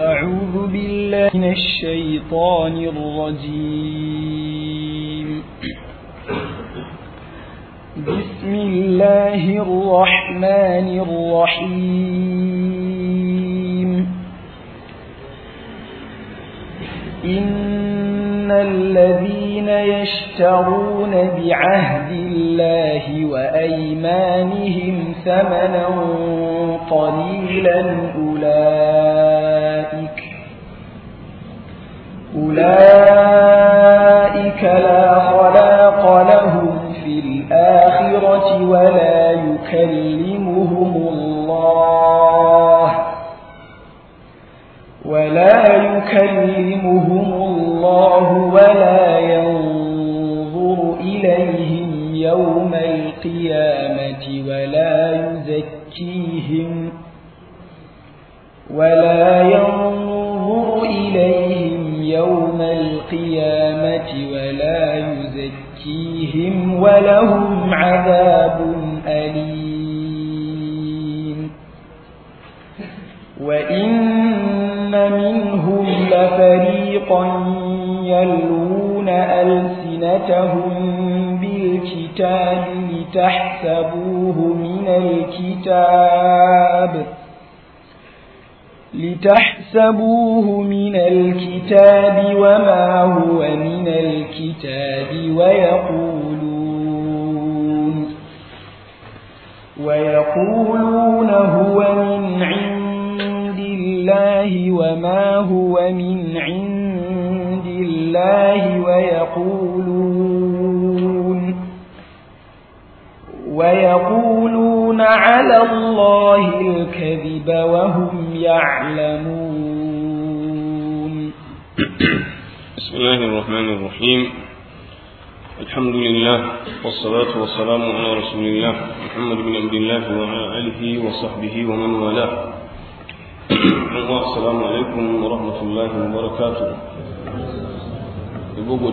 أعوذ بالله من الشيطان الرجيم بسم الله الرحمن الرحيم إن الذين يشترون بعهد الله وأيمانهم ثمنا قليلا أولئك أولئك لا خلاق لهم في الآخرة ولا يكلمهم الله ولا يكلمهم الله ولا ولا ينظر إليهم يوم القيامة ولا يزكيهم ولهم عذاب أليم وإن منهم لفريقا يلون ألسنتهم بالكتاب لتحسبوه من الكتاب تحسبوه من الكتاب وما هو من الكتاب ويقولون ويقولون هو من عند الله وما هو من عند الله ويقولون ويقولون يفترون على الله الكذب وهم يعلمون بسم الله الرحمن الرحيم الحمد لله والصلاة والسلام على رسول الله محمد بن عبد الله وعلى آله وصحبه ومن والاه السلام عليكم ورحمة الله وبركاته bugu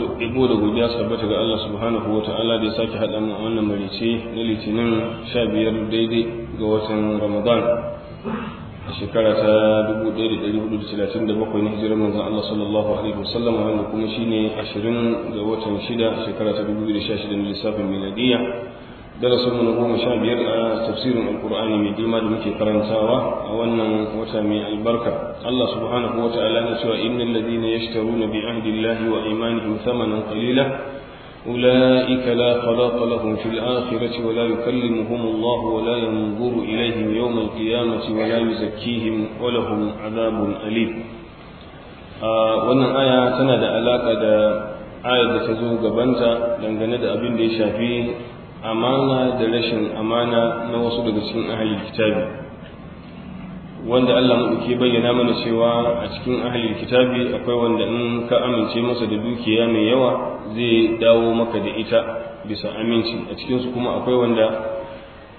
da godiya sabbata ga Allah subhanahu wa ta'ala da ya sake haɗa mu wannan marice na litinin sha biyar daidai ga watan ramadan a shekara ta bakwai na hijirar manzon Allah sallallahu alaihi wasallam wanda kuma shine ashirin ga watan shida shekara ta 2016 na lissafin miladiyya darasin mu na goma sha biyar a tafsirin alkur'ani mai girma da muke karantawa a wannan wata mai albarka Allah subhanahu wa ta'ala na cewa innal ladina yashtaruna bi ahdillahi wa imanihim thamanan qalila أولئك لا خلاق لهم في الآخرة ولا يكلمهم الله ولا ينظر إليهم يوم القيامة ولا يزكيهم ولهم عذاب أليم wannan aya tana da alaƙa da ayar da ta zo gabanta dangane da abin da ya shafi amana da rashin amana na wasu daga cikin ahalil kitabi wanda Allah ke bayyana mana cewa a cikin ahalil kitabi akwai wanda in ka amince masa da dukiya mai yawa zai dawo maka da ita bisa aminci a cikin su kuma akwai wanda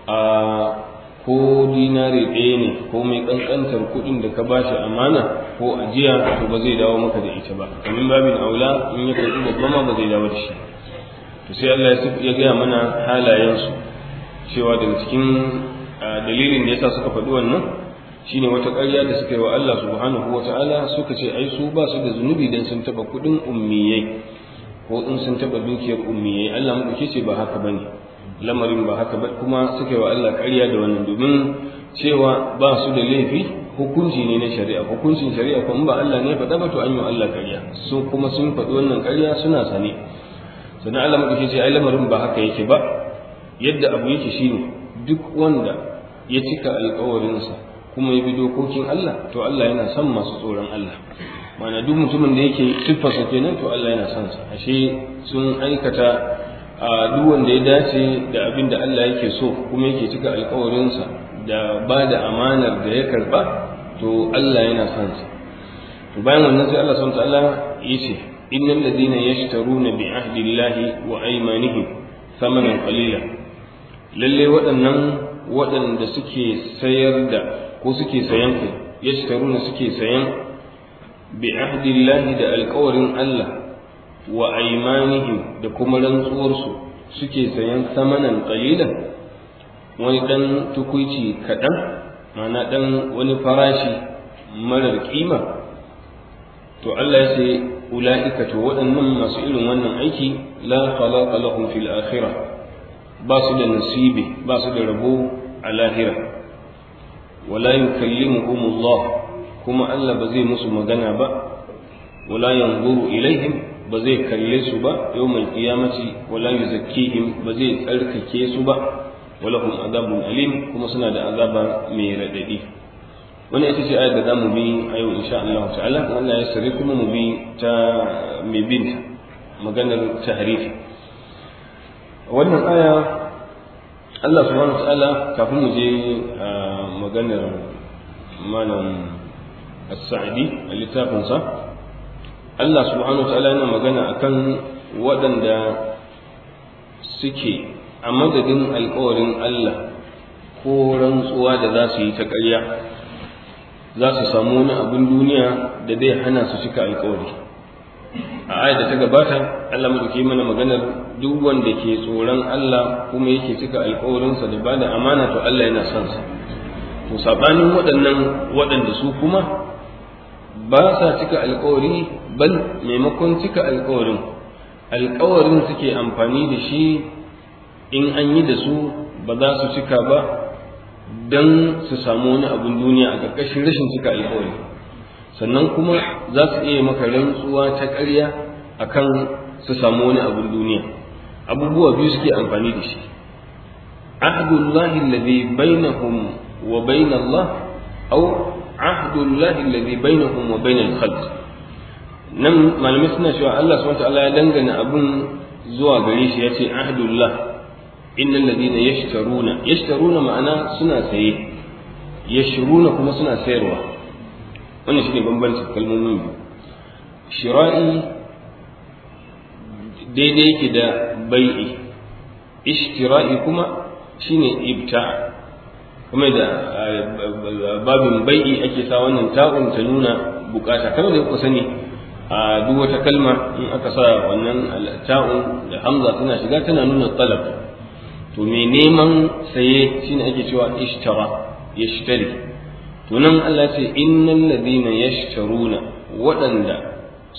a ko dinari ɗaya ne ko mai ƙanƙantar kuɗin da ka ba shi amana ko ajiya to ba zai dawo maka da ita ba Amin babin aula in ya karɓi babba ma ba zai dawo da shi to sai Allah ya gaya mana halayensu cewa daga cikin ah, dalilin da yasa suka faɗi wannan shine wata ƙarya da suka yi wa Allah subhanahu ta'ala suka ce ai su ba su da zunubi dan sun taba kuɗin ummiyai ko in sun taba dukiyar ummiyai Allah madauke ce ba haka bane lamarin ba haka ba kuma suka yi wa Allah ƙarya da wannan domin cewa ba su da laifi hukunci ne na shari'a hukuncin shari'a kuma ba Allah ne faɗa ba to an yi Allah ƙarya su kuma sun faɗi wannan ƙarya suna sane sannan Allah madauki ce ai lamarin ba haka yake ba yadda abu yake shine duk wanda ya cika alkawarinsa kuma ya bi dokokin Allah to Allah yana son masu tsoron Allah mana duk mutumin da yake siffarsa kenan to Allah yana son sa ashe sun aikata a duk wanda ya dace da abin da Allah yake so kuma yake cika alkawarinsa da ba da amanar da ya karba to Allah yana son sa to bayan wannan sai Allah subhanahu wa Allah yace innal ladina yashtaruna bi ahdillahi wa aymanihim thamanan qalila lalle waɗannan waɗanda suke sayar da ko suke sayan ku yashtaruna suke sayan bi ahdillahi da alƙawarin Allah wa aymanihim da kuma rantsuwarsu suke sayan samanin kalilan wani ɗan tukuici kaɗan mana ɗan wani farashi marar kima to Allah ya ce ula'ika to waɗannan masu irin wannan aiki la khalaqa lahum fil akhirah ba su da nasibi ba su da rabo a lahira wala yukallimuhum Allah kuma Allah ba zai musu magana ba wala yanzuru ilaihim ba zai kalle su ba yawmal qiyamati wala yuzakkihim ba zai tsarkake su ba walahum azabun alim kuma suna da azaba mai radadi Wani ita ce ayar da zamu bi a yau insha Allah ta'ala Allah ya sare kuma mu bi ta mai bin maganar tahrifi wannan aya Allah subhanahu wa ta'ala kafin mu je maganar malam as-sa'di a littafinsa Allah subhanahu wa ta'ala yana magana akan waɗanda suke a madadin alƙawarin Allah ko rantsuwa da za su yi ta ƙarya za su samu wani abin duniya da zai hana su cika alkawari a ayyada da ta gabata Allah ke mana maganar duk wanda ke tsoron Allah kuma yake cika alkawarinsa da bada amana to Allah yana son sa to sabanin waɗannan waɗanda su kuma ba sa cika alkawari bal maimakon cika alkawarin alkawarin suke amfani da shi in an yi da su ba za su cika ba don su samu wani abin duniya a ƙarƙashin rashin cika alkawari sannan kuma za su iya maka rantsuwa ta ƙarya a kan su samu wani abin duniya abubuwa biyu suke amfani da shi ahdullahi alladhi hun wa bain Allah aw ahdullahi alladhi hun wa bayna al-khalq nan malamai suna cewa Allah subhanahu wa ta'ala ya dangana abin zuwa gare shi ya ahdun ahdullah innal ladina yashtaruna yashtaruna ma'ana suna saye yashruna kuma suna sayarwa wannan shine bambancin kalmomin biyu shira'i daidai yake da bai'i ishtira'i kuma shine ibta kuma da eh, babin bai'i ake sa wannan ta'un ta nuna bukata kamar da ku sani a duk wata kalma in aka sa wannan ta'un da hamza tana shiga tana nuna talab to mai neman saye shine ake cewa ishtara yashtari to nan Allah ce innal ladina yashtaruna waɗanda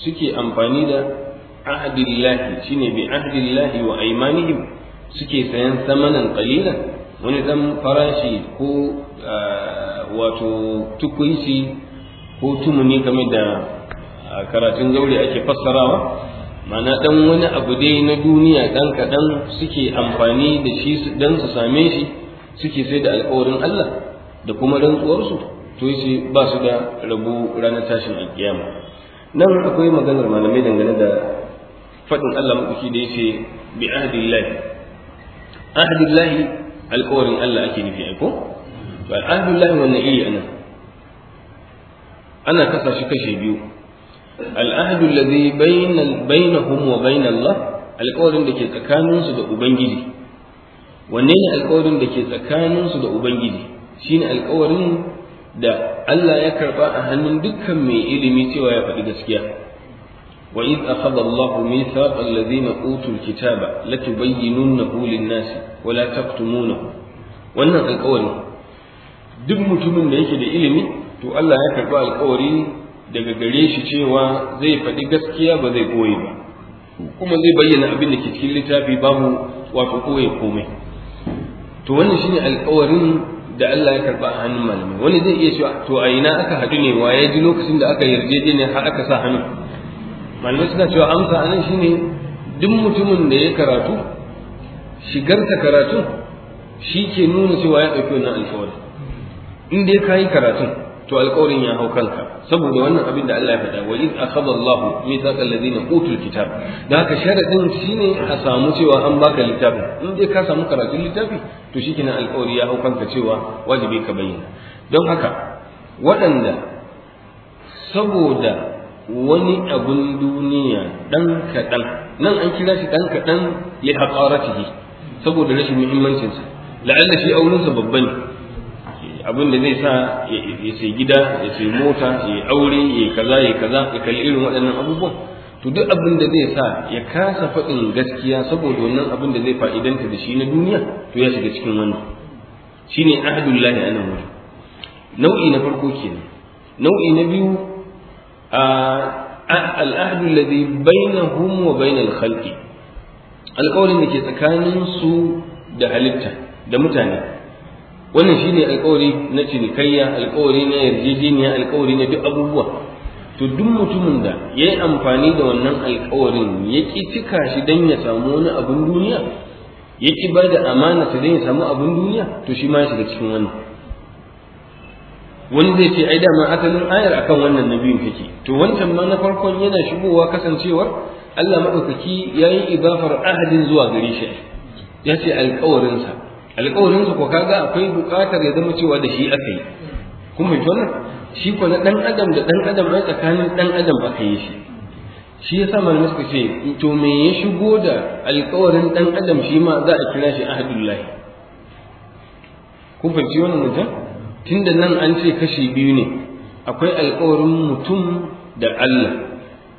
suke amfani da ahdillahi shine bi ahdillahi wa aymanihim suke sayan samanan qalilan wani dan farashi ko ah, wato tukunci ko tumuni game da ah, karatun zaure ake fassarawa mana dan wani abu dai na duniya dan kaɗan suke amfani da shi dan su same shi suke sai da alƙawarin Allah da kuma su to yace ba su da rabu ranar tashin alƙiyama nan akwai maganar malamai dangane da faɗin Allah maɗauki da yace bi ahdillahi ahdillahi alƙawarin Allah ake nufi aiko to ahdillahi wannan iri anan ana kasa shi kashe biyu al'ahdu allazi bainahum wa bain Allah alƙawarin da ke tsakaninsu da ubangiji wanne ne alƙawarin da ke tsakaninsu da ubangiji shine alƙawarin da Allah ya karba a hannun dukkan mai ilimi cewa ya faɗi gaskiya wa iz akhadha Allah mithaqa allazina utul kitaba latubayyinunahu lin-nasi wa la taktumunahu wannan alƙawarin duk mutumin da yake da ilimi to Allah ya karba alƙawarin daga gare shi cewa zai faɗi gaskiya ba zai koye ba kuma zai bayyana abin da ke cikin littafi babu wato koye komai to wannan shine alƙawarin da Allah ya karba a hannun malamai wani zai iya cewa to a ina aka haɗu ne wa ya ji lokacin da aka yarjejeniya har aka sa hannu malamai suna cewa amsa anan shine duk mutumin da ya karatu shigarsa karatun shi ke nuna cewa ya ɗauki wannan alƙawari in dai ka yi karatun to alƙawarin ya hau kanka saboda wannan abin da Allah ya faɗa wa iz akhadha Allah mithaqa alladhina utul kitab da haka sharadin shine a samu cewa an baka littafin in dai ka samu karatun littafi to shikenan alƙawari ya hau kanka cewa wajibi ka bayyana don haka waɗanda saboda wani abun duniya ɗan kaɗan nan an kira shi ɗan kaɗan li haqaratihi saboda rashin muhimmancinsa la'alla shi aurensa babba ne abin da zai sa ya sai gida ya sai mota ya aure ya kaza ya kaza ya kalli irin waɗannan abubuwan to duk abin da zai sa ya kasa faɗin gaskiya saboda wannan abin da zai fa'idanta da shi na duniya to ya shiga cikin wannan shine ahdullahi anan wuri nau'i na farko kenan nau'i na biyu ahd alladhi bainahum wa bainal khalqi alƙawarin da ke tsakanin su da halitta da mutane wannan shine alkawari na cinikayya alkawari na yarjejeniya alkawari na duk abubuwa to duk mutumin da ya yi amfani da wannan alkawarin ya ki cika shi don ya samu wani abin duniya ya ki ba da amana su don ya samu abin duniya to shi ma ya shiga cikin wannan wani zai ce ai dama asalin ayar akan wannan na biyun kake to wancan ma na farkon yana shigowa kasancewar Allah maɗaukaki ya yi ibafar ahadin zuwa gare shi ya ce alkawarinsa alƙawarin su ko kaga akwai buƙatar ya zama cewa da shi aka yi kun fahimci nan shi ko na dan adam da dan adam ai tsakanin dan adam aka yi shi shi yasa malamai suka ce to me ya shigo da alƙawarin dan adam shi ma za a kira shi ahadullahi kun fahimci wannan mutum tunda nan an ce kashi biyu ne akwai alƙawarin mutum da Allah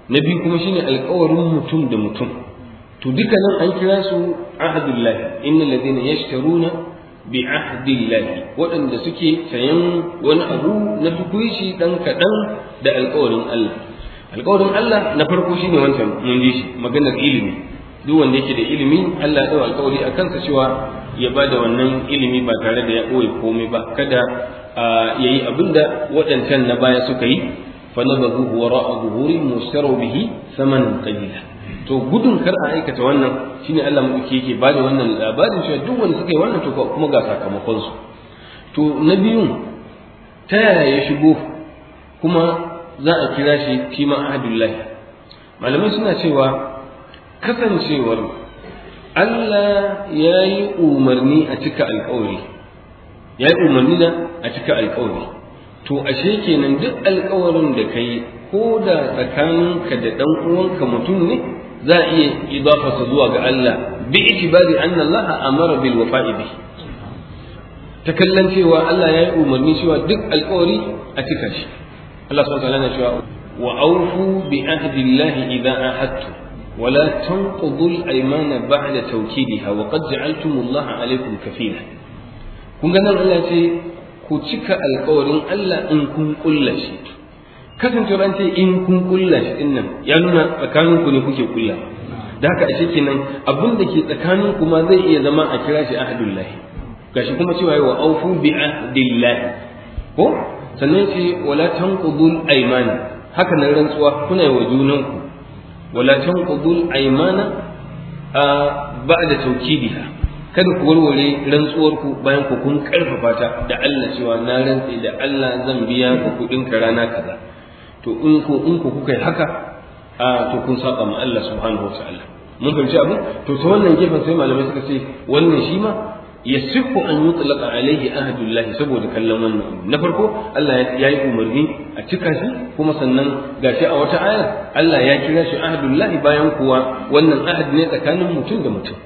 na biyu kuma shine alƙawarin mutum da mutum to duka nan an kira su ahadullahi inna ladina yashtaruna bi ahdillahi waɗanda suke sayan wani abu na tukuishi dan kaɗan da alƙawarin Allah alƙawarin Allah na farko shine wancan mun ji shi maganar ilimi duk wanda yake da ilimi Allah ya ɗau alƙawari a kansa cewa ya ba da wannan ilimi ba tare da ya ɓoye komai ba kada ya yi abin da waɗancan na baya suka yi fa nabahu wa ra'a zuhuri mushtaru bihi samanan qalila to gudun kar a aikata wannan shine Allah madauki yake wannan labarin cewa duk wanda suka yi wannan to kuma ga sakamakon su to na biyun ta yaya ya shigo kuma za a kira shi kima ma ahadullahi malamai suna cewa kasancewar Allah ya yi umarni a cika alkawari ya yi umarni na a cika alkawari to ashe kenan duk alkawarin da ka ko da tsakaninka da dan uwanka mutum ne za a iya idafasa zuwa ga Allah bi itibari anna Allah amara bil wafa'i bi ta kallon cewa Allah ya yi umarni cewa duk alƙawari a cika shi Allah subhanahu wa ta'ala na cewa wa awfu bi ahdillahi idza ahadtu ولا تنقضوا الأيمان بعد توكيدها وقد جعلتم الله عليكم كفيلا kun nan Allah ce ku cika alkawarin Allah in kun kulla shi kasancewa an ce in kun kulla shi din nan ya nuna tsakanin ku ne kuke kulla da haka ashe kenan abin da ke tsakanin ku ma zai iya zama a kira shi ahadullahi gashi kuma cewa wa aufu bi ahdillahi ko sannan ce wala tanqudul aymana haka nan rantsuwa kuna yi wa junan ku wala tanqudul aymana a ba'da tawkidiha kada ku warware rantsuwarku bayan ku kun karfafa ta da Allah cewa na rantsi da Allah zan biya ku kudin ka rana kaza to in ku in ku kuka yi haka a to kun saba ma Allah subhanahu wa ta'ala mun fahimci abu to ta wannan gefen sai malamai suka ce wannan shi ma yasihu an yutlaqa alayhi ahadullahi saboda kallon wannan na farko Allah ya yi umarni a cika shi kuma sannan gashi a wata ayar Allah ya kira shi ahadullahi bayan kuwa wannan ahad ne tsakanin mutum da mutum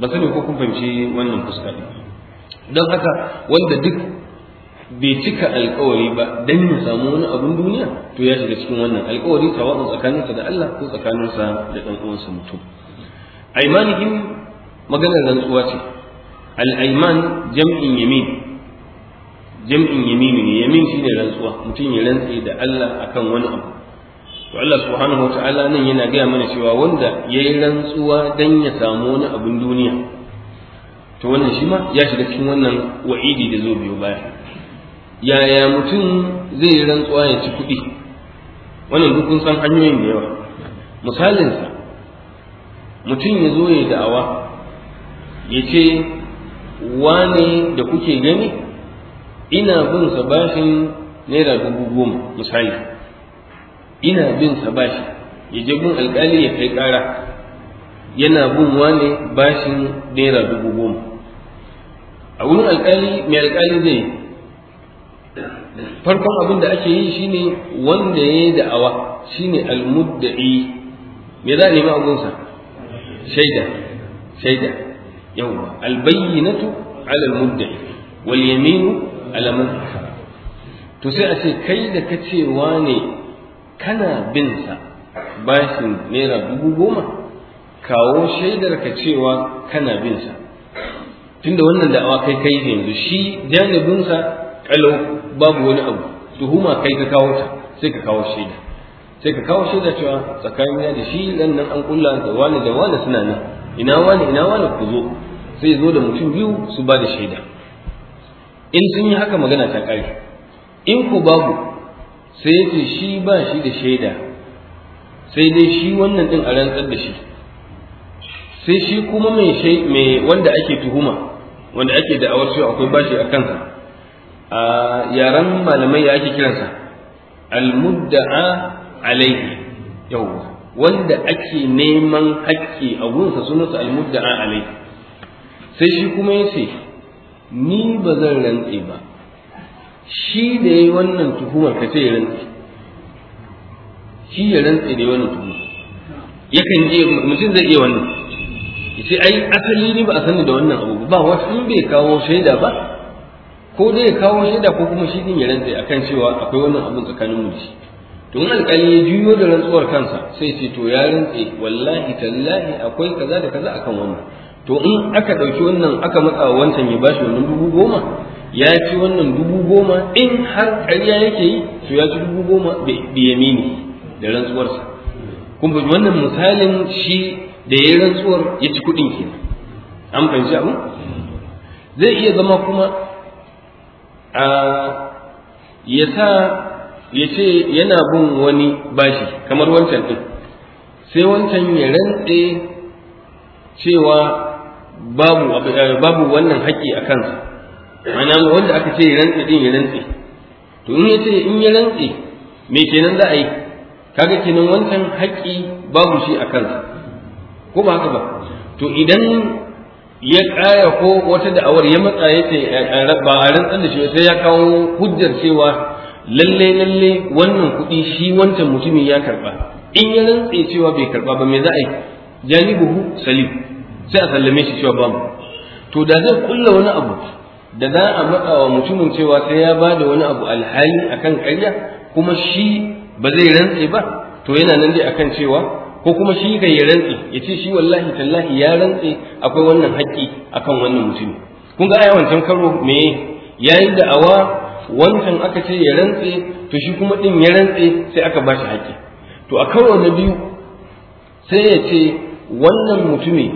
ba sani ko kun fahimci wannan fuska don haka wanda duk bai cika alkawari ba dan ya samu wani abun duniya to ya shiga cikin wannan alkawari tawazun tsakaninsa da Allah ko tsakaninsa da dan uwansa mutum aymanihim maganar rantsuwa ce al-ayman jam'in yamin jam'in yamini ne yamin shine rantsuwa mutum ya rantsi da Allah akan wani abu to Allah subhanahu wataala nan yana gaya mana cewa wanda yayi rantsuwa dan ya samu wani abun duniya to wannan shi ma ya shiga cikin wannan wa'idi da zo biyo baya yaya mutum zai rantsuwa ya ci kuɗi wannan duk kun san hanyoyin da yawa misalinsa mutum ya zo ya da'awa ya ce wane da kuke gani ina bin sa bashin naira dubu goma misali ina bin sa bashi ya je bin alkali ya kai ƙara yana bin wane bashin naira dubu goma a wurin alkali mai alkali zai farkon abin da ake yi shine wanda ya yi da'awa shine almudda'i me za a nemi abunsa shaida shaida al albayyinatu ala almudda'i wal yaminu ala man to sai a ce kai da ka ce wane kana bin sa bashin naira dubu goma kawo shaidar ka cewa kana bin sa tunda wannan da'awa kai kai yanzu shi janibinsa kalau babu wani abu tuhuma kai ka kawo ta sai ka kawo shaida sai ka kawo shaida cewa tsakanina da shi dan nan an kulla da wani da wani suna nan ina wani ina wani ku zo sai zo da mutum biyu su ba da shaida in sun yi haka magana ta kare in ku babu sai yace shi ba shi da shaida sai dai shi wannan din a rantsar da shi sai shi kuma mai wanda ake tuhuma wanda ake da'awar cewa akwai bashi a kansa a yaran malamai ya ake kiransa almudda'a alaihi yawwa wanda ake neman haƙƙi a gunsa sunansa almudda'a alaihi sai shi kuma ya ce ni ba zan rantse ba shi da ya yi wannan tuhumar ka ce ya rantse shi ya rantse da ya wannan tuhumar yakan je mutum zai iya wannan ya ce ai asali ni ba a sani da wannan abu ba wasu bai kawo shaida ba ko zai kawo shaida ko kuma shi din ya rantse akan cewa akwai wannan abun tsakanin mu shi to wannan alƙali ya juyo da rantsuwar kansa sai ce to ya rantse wallahi tallahi akwai kaza da kaza akan wannan to in aka ɗauki wannan aka matsa wancan ya bashi wannan dubu goma ya ci wannan dubu goma in har ƙarya yake yi to ya ci dubu goma da yamini da rantsuwarsa kuma wannan misalin shi da ya rantsuwar ya ci kuɗin kenan an fahimci abu zai iya zama kuma yasa sa ya ce yana bin wani bashi kamar wancan ɗin sai wancan ya rantse cewa babu eh, wannan haƙƙi a kansa ma'ana wanda aka ce ya rantse din ya rantse to in ya ce in ya rantse me kenan za a yi kaga kenan wancan haƙƙi babu shi a kansa ko ba haka ba to idan ya kaya ko wata da'awar ya matsa ya ce ba a rantsar da shi sai ya kawo hujjar cewa lalle lalle wannan kuɗi shi wancan mutumin ya karba in ya rantse cewa bai karba ba me za a yi janibuhu salim sai a sallame shi cewa ba to da zai kulla wani abu da za a matsa wa mutumin cewa sai ya ba da wani abu alhali akan karya kuma shi ba zai rantse ba to yana nan dai akan cewa ko kuma shi ga ya rantse, ya ce shi wallahi tallahi ya rantse, akwai wannan haƙƙi akan wannan mutum kun ga ayawancan karo me yayin da awa wancan aka ce ya rantse, to shi kuma din ya rantsi sai aka ba shi haƙƙi to a karo na biyu sai ya ce wannan mutumi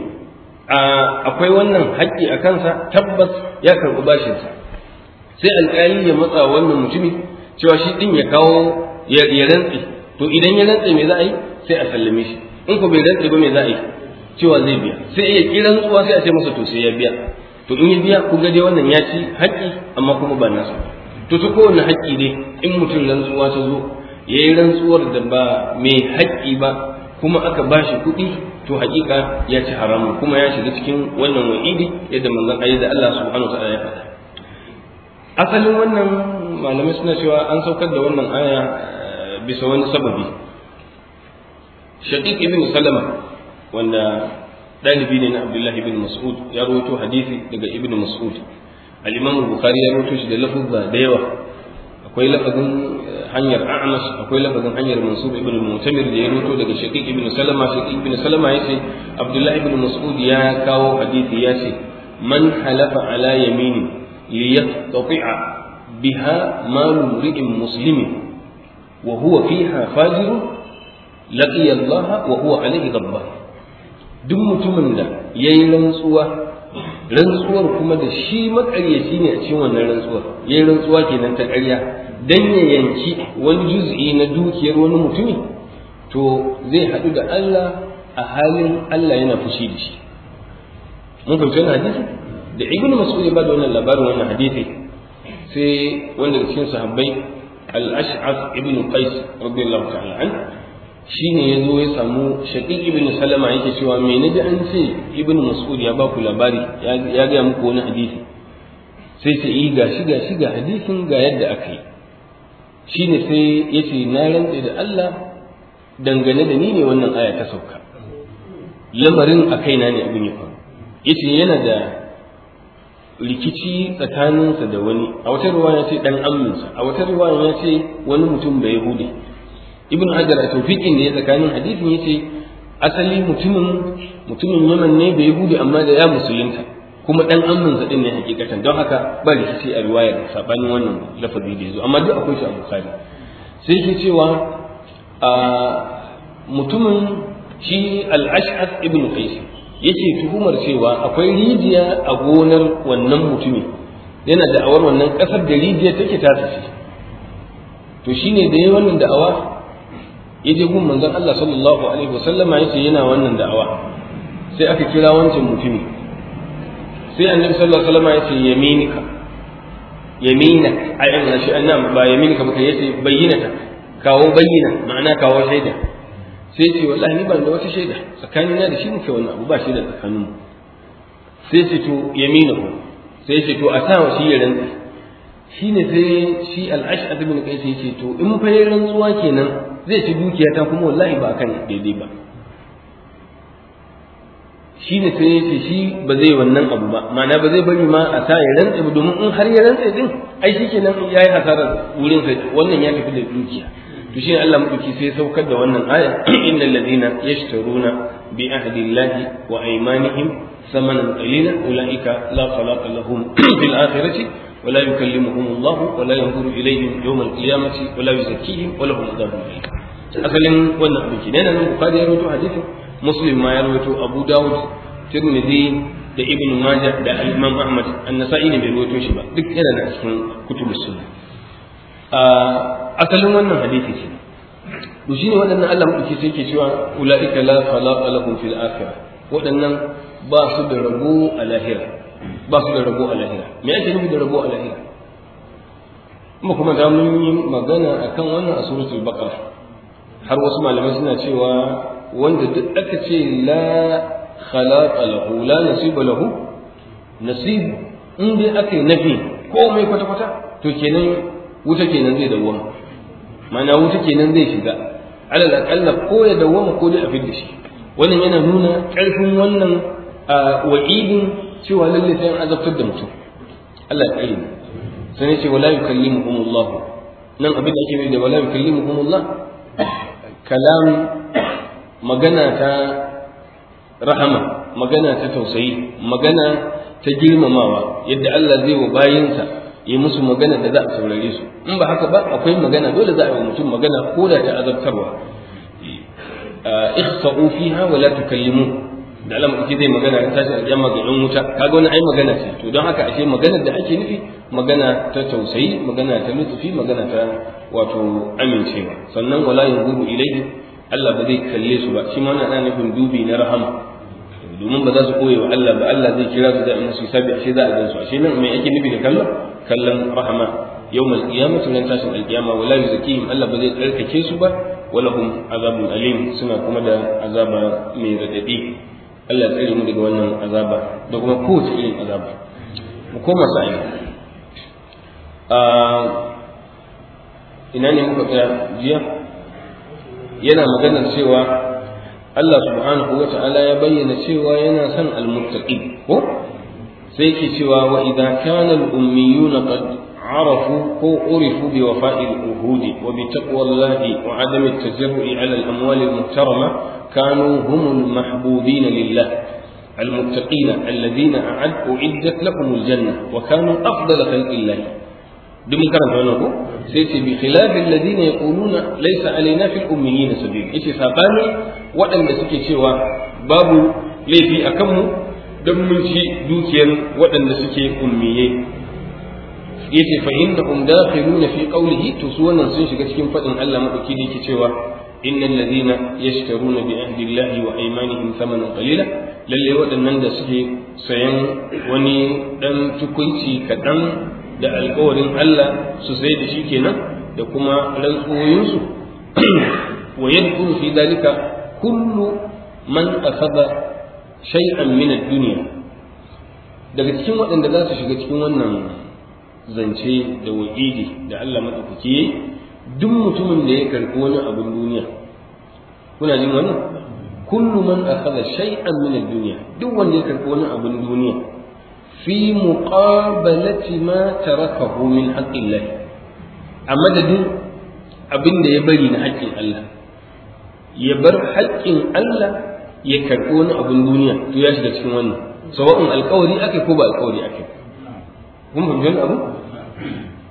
akwai wannan haƙƙi a kansa tabbas ya karɓi bashinsa sai alƙali ya matsa wannan mutumi cewa shi ɗin ya kawo ya rantse, to idan ya rantse me za a yi sai a sallame shi in ko bai rantsa ba me za a yi cewa zai biya sai iya kiran zuwa sai a ce masa to sai ya biya to in ya biya ku ga dai wannan ya ci haƙƙi amma kuma ba nasu to ta kowane haƙƙi ne in mutum rantsuwa ta zo ya yi rantsuwar da ba mai haƙƙi ba kuma aka ba shi kuɗi to haƙiƙa ya ci haramun kuma ya shiga cikin wannan wa'idi yadda manzon ayi da Allah subhanahu wa ta'ala ya faɗa asalin wannan malamai suna cewa an saukar da wannan aya eh, bisa wani sababi shaqiq ibn musallama wanda dalibi ne na abdullah ibn mas'ud ya rawaito hadisi daga ibn mas'ud al bukhari ya rawaito shi da da yawa akwai lafazin eh, hanyar a'mas akwai lafazin hanyar mansur ibn mutamir da ya rawaito daga shaqiq ibn salama shaqiq ibn salama yace abdullah ibn mas'ud ya kawo hadisi ya ce man halafa ala yamini liyaqta'a biha malu ri'in muslimin fiha fajirun laqiya Allah wa huwa alaihi gabba duk mutumin da yi rantsuwa rantsuwar kuma da shi maƙaryaci ne a cikin wannan rantsuwar yi rantsuwa kenan ta ƙarya dan ya yanki wani juz'i na dukiyar wani mutumi to zai haɗu da Allah a halin Allah yana fushi da shi mun fahimci wannan hadisi da ibnu mas'ud ya bada wannan labarin wannan hadisi sai wanda cikin sahabbai al-ash'af ibn qais radiyallahu ta'ala anhu shine ya zo ya samu shaqiq ibn salama yake cewa me na ji an ce ibn mas'ud ya ba ku labari ya gaya muku wani hadisi sai ce yi eh, ga shiga-shiga hadisin ga yadda aka yi shine sai ya ce na rantse da Allah dangane da ni ne wannan aya ta sauka lamarin a kaina ne abin ya faru ya ce yana da rikici tsakaninsa da wani a wata ruwa ya ce dan amminsa a wata ruwa ya ce wani mutum da yahudi ibnu hajar a tawfiqin da ya tsakanin hadisin yace asali mutumin mutumin yaman ne bai gudu amma da ya musulunta kuma dan amman zadin ne hakikatan don haka ba rikici a riwayar sabanin wannan lafazi da yazo amma duk akwai shi a bukhari sai yake cewa a mutumin shi al-ash'ath ibn qais yake tuhumar cewa akwai rijiya a gonar wannan mutumin yana da'awar wannan kasar da rijiya take tasa ce to shine da yayin wannan da'awa ya je gun manzon Allah sallallahu alaihi wasallama yace yana wannan da'awa sai aka kira wancan mutumi sai annabi sallallahu alaihi wasallama yace yaminika yamina ai an shi annam ba yaminika ba yace bayyinata kawo bayyina ma'ana kawo shaida sai ce wallahi ni ban da wata shaida tsakanina da shi muke wani abu ba shi da tsakanin mu sai ce to yaminahu sai ce to a sa wa shi ya rantsa shine sai shi al-ash'ad ibn qais yace to in fa rantsuwa kenan zai ci dukiya ta kuma wallahi ba kan daidai ba shi ne sai ya ce shi ba zai wannan abu ba ma'ana ba zai bari ma a sa ya rantse ba domin in har ya rantse din ai shikenan ya yi hasarar wurin sai wannan ya tafi da dukiya to shi Allah madauki sai saukar da wannan aya innal ladina yashtaruna bi ahdi llahi wa aymanihim samanan qalilan ulaika la khalaqa lahum fil akhirati ولا يكلمهم الله ولا ينظر إليهم يوم القيامة ولا يزكيهم ولهم عذاب أليم أصلا وانا أبوكي نانا البخاري يروي حديثه مسلم ما يروي أبو داود ترمذي da ibn majah da al-imam ahmad an-nasa'i ne bai rawaito shi ba duk yana da cikin kutubu sunna asalin wannan hadisi ce to shine waɗannan Allah muke sai yake cewa ulaika la khalaqa lahum fil akhirah waɗannan ba su da rabo a lahira ba su da rabo a lahira me ake nufi da rabo a lahira kuma kuma da mun yi magana akan wannan a suratul baqara har wasu malamai suna cewa wanda duk aka ce la khalaqa lahu la nasiba lahu nasib in dai aka yi nafi komai kwata kwata to kenan wuta kenan zai dawwama ma'ana wuta kenan zai shiga alal aqalla ko ya dawwama ko dai a fidda shi wannan yana nuna ƙarfin wannan ah, wa'idin cewa lalle sai an azabtar da mutum Allah ya tsare sai ce wala yukallimuhumullah nan abin da ake mai da wala yukallimuhumullah kalam magana ta rahama magana ta tausayi magana ta girmamawa yadda Allah zai wa bayinsa yi musu magana da za a saurare su in ba haka ba akwai magana dole za a yi mutum magana ko da ta azabtarwa eh, ikhsa'u fiha wa la da Allah mutunci zai magana ta tashi ga wuta kaga wani ai magana ce to don haka ashe maganar da ake nufi magana ta tausayi magana ta lutufi magana ta wato amincewa sannan wala yanzuru ilayhi Allah ba zai kalle su ba shi ma wannan ana nufin dubi na rahama domin ba za su koye wa Allah ba Allah zai kira su da in su sabi ashe za a gan su ashe nan ake nufi da kallon kallon rahama yawmal qiyamati nan tashin alqiyama wala yuzakihim Allah ba zai tsarkake su ba walahum azabun suna kuma da azaba mai Allah tsare mu daga wannan azaba da kuma kowace irin azaba mu koma sa'i a ina ne muka tsaya jiya yana maganar cewa Allah subhanahu wa ta'ala ya bayyana cewa yana son almuttaqi ko sai yake cewa wa idza kana al-ummiyuna qad عرفوا أو عرفوا بوفاء العهود وبتقوى الله وعدم التجرؤ على الأموال المحترمة كانوا هم المحبوبين لله المتقين الذين أعد أعدت لهم الجنة وكانوا أفضل خلق الله دم كرم هناك سيس بخلاف الذين يقولون ليس علينا في الأميين سبيل إيش ساباني وأن سكي سوى باب ليفي أكمه دم من شيء دوكيا وأن سكي أميين ce fa innahum dakhiluna fi qawlihi to su wannan sun shiga cikin fadin Allah madauki da yake cewa innal ladina yashtaruna bi ahdillahi wa aymanihim thamanan qalila lalle waɗannan da suke sayan wani dan tukunci kaɗan da alƙawarin Allah su sai da shi kenan da kuma rantsuwoyinsu wa yadkhulu fi dalika kullu man akhadha shay'an min ad-dunya daga cikin waɗanda za su shiga cikin wannan zance da wa'idi da Allah madaukaki duk mutumin da ya karɓi wani abin duniya kuna jin wani kullu man akhadha shay'an min ad-dunya duk wanda ya karɓi wani abin duniya fi muqabalati ma tarakahu min haqqillah a madadin abin da ya bari na haƙƙin Allah ya bar haƙƙin Allah ya karɓi wani abin duniya to ya shiga cikin wannan sawa'un alƙawari ake ko ba alƙawari ake kun fahimci wani abu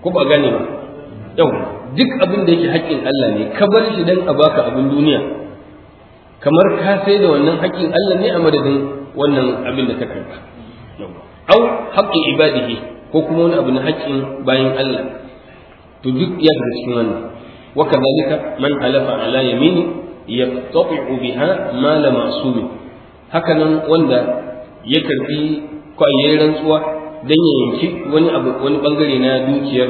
ko ba gane ba yau duk abin da yake haƙƙin Allah ne ka bar shi dan a baka abin duniya kamar ka sai da wannan haƙƙin Allah ne a madadin wannan abin da ka karba au haƙƙin ibadihi ko kuma wani abu na haƙƙin bayan Allah to duk ya daga cikin wannan wa kadhalika man halafa ala yamini yaqta'u biha mala ma'sumi hakanan wanda ya karbi kwayayen rantsuwa dan ya yanki wani abu wani bangare na dukiyar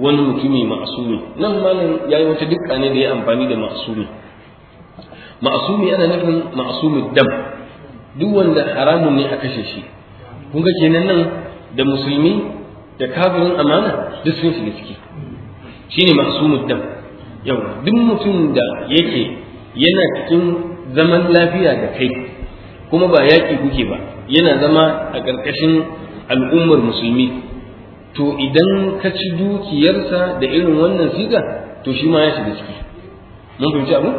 wani mutumi ma'asumi nan malam yayi wata dukka ne da ya amfani da ma'asumi ma'asumi ana nufin ma'asumi dam duk wanda haramun ne a kashe shi kun ga kenan nan da musulmi da kafirin amana duk sun shiga ciki shine ma'asumi dam yau duk mutum da yake yana cikin zaman lafiya da kai kuma ba yaƙi kuke ba yana zama a ƙarƙashin al'ummar musulmi to idan ka ci dukiyarsa da irin wannan siga to shi ma ya shiga ciki mun fahimci abu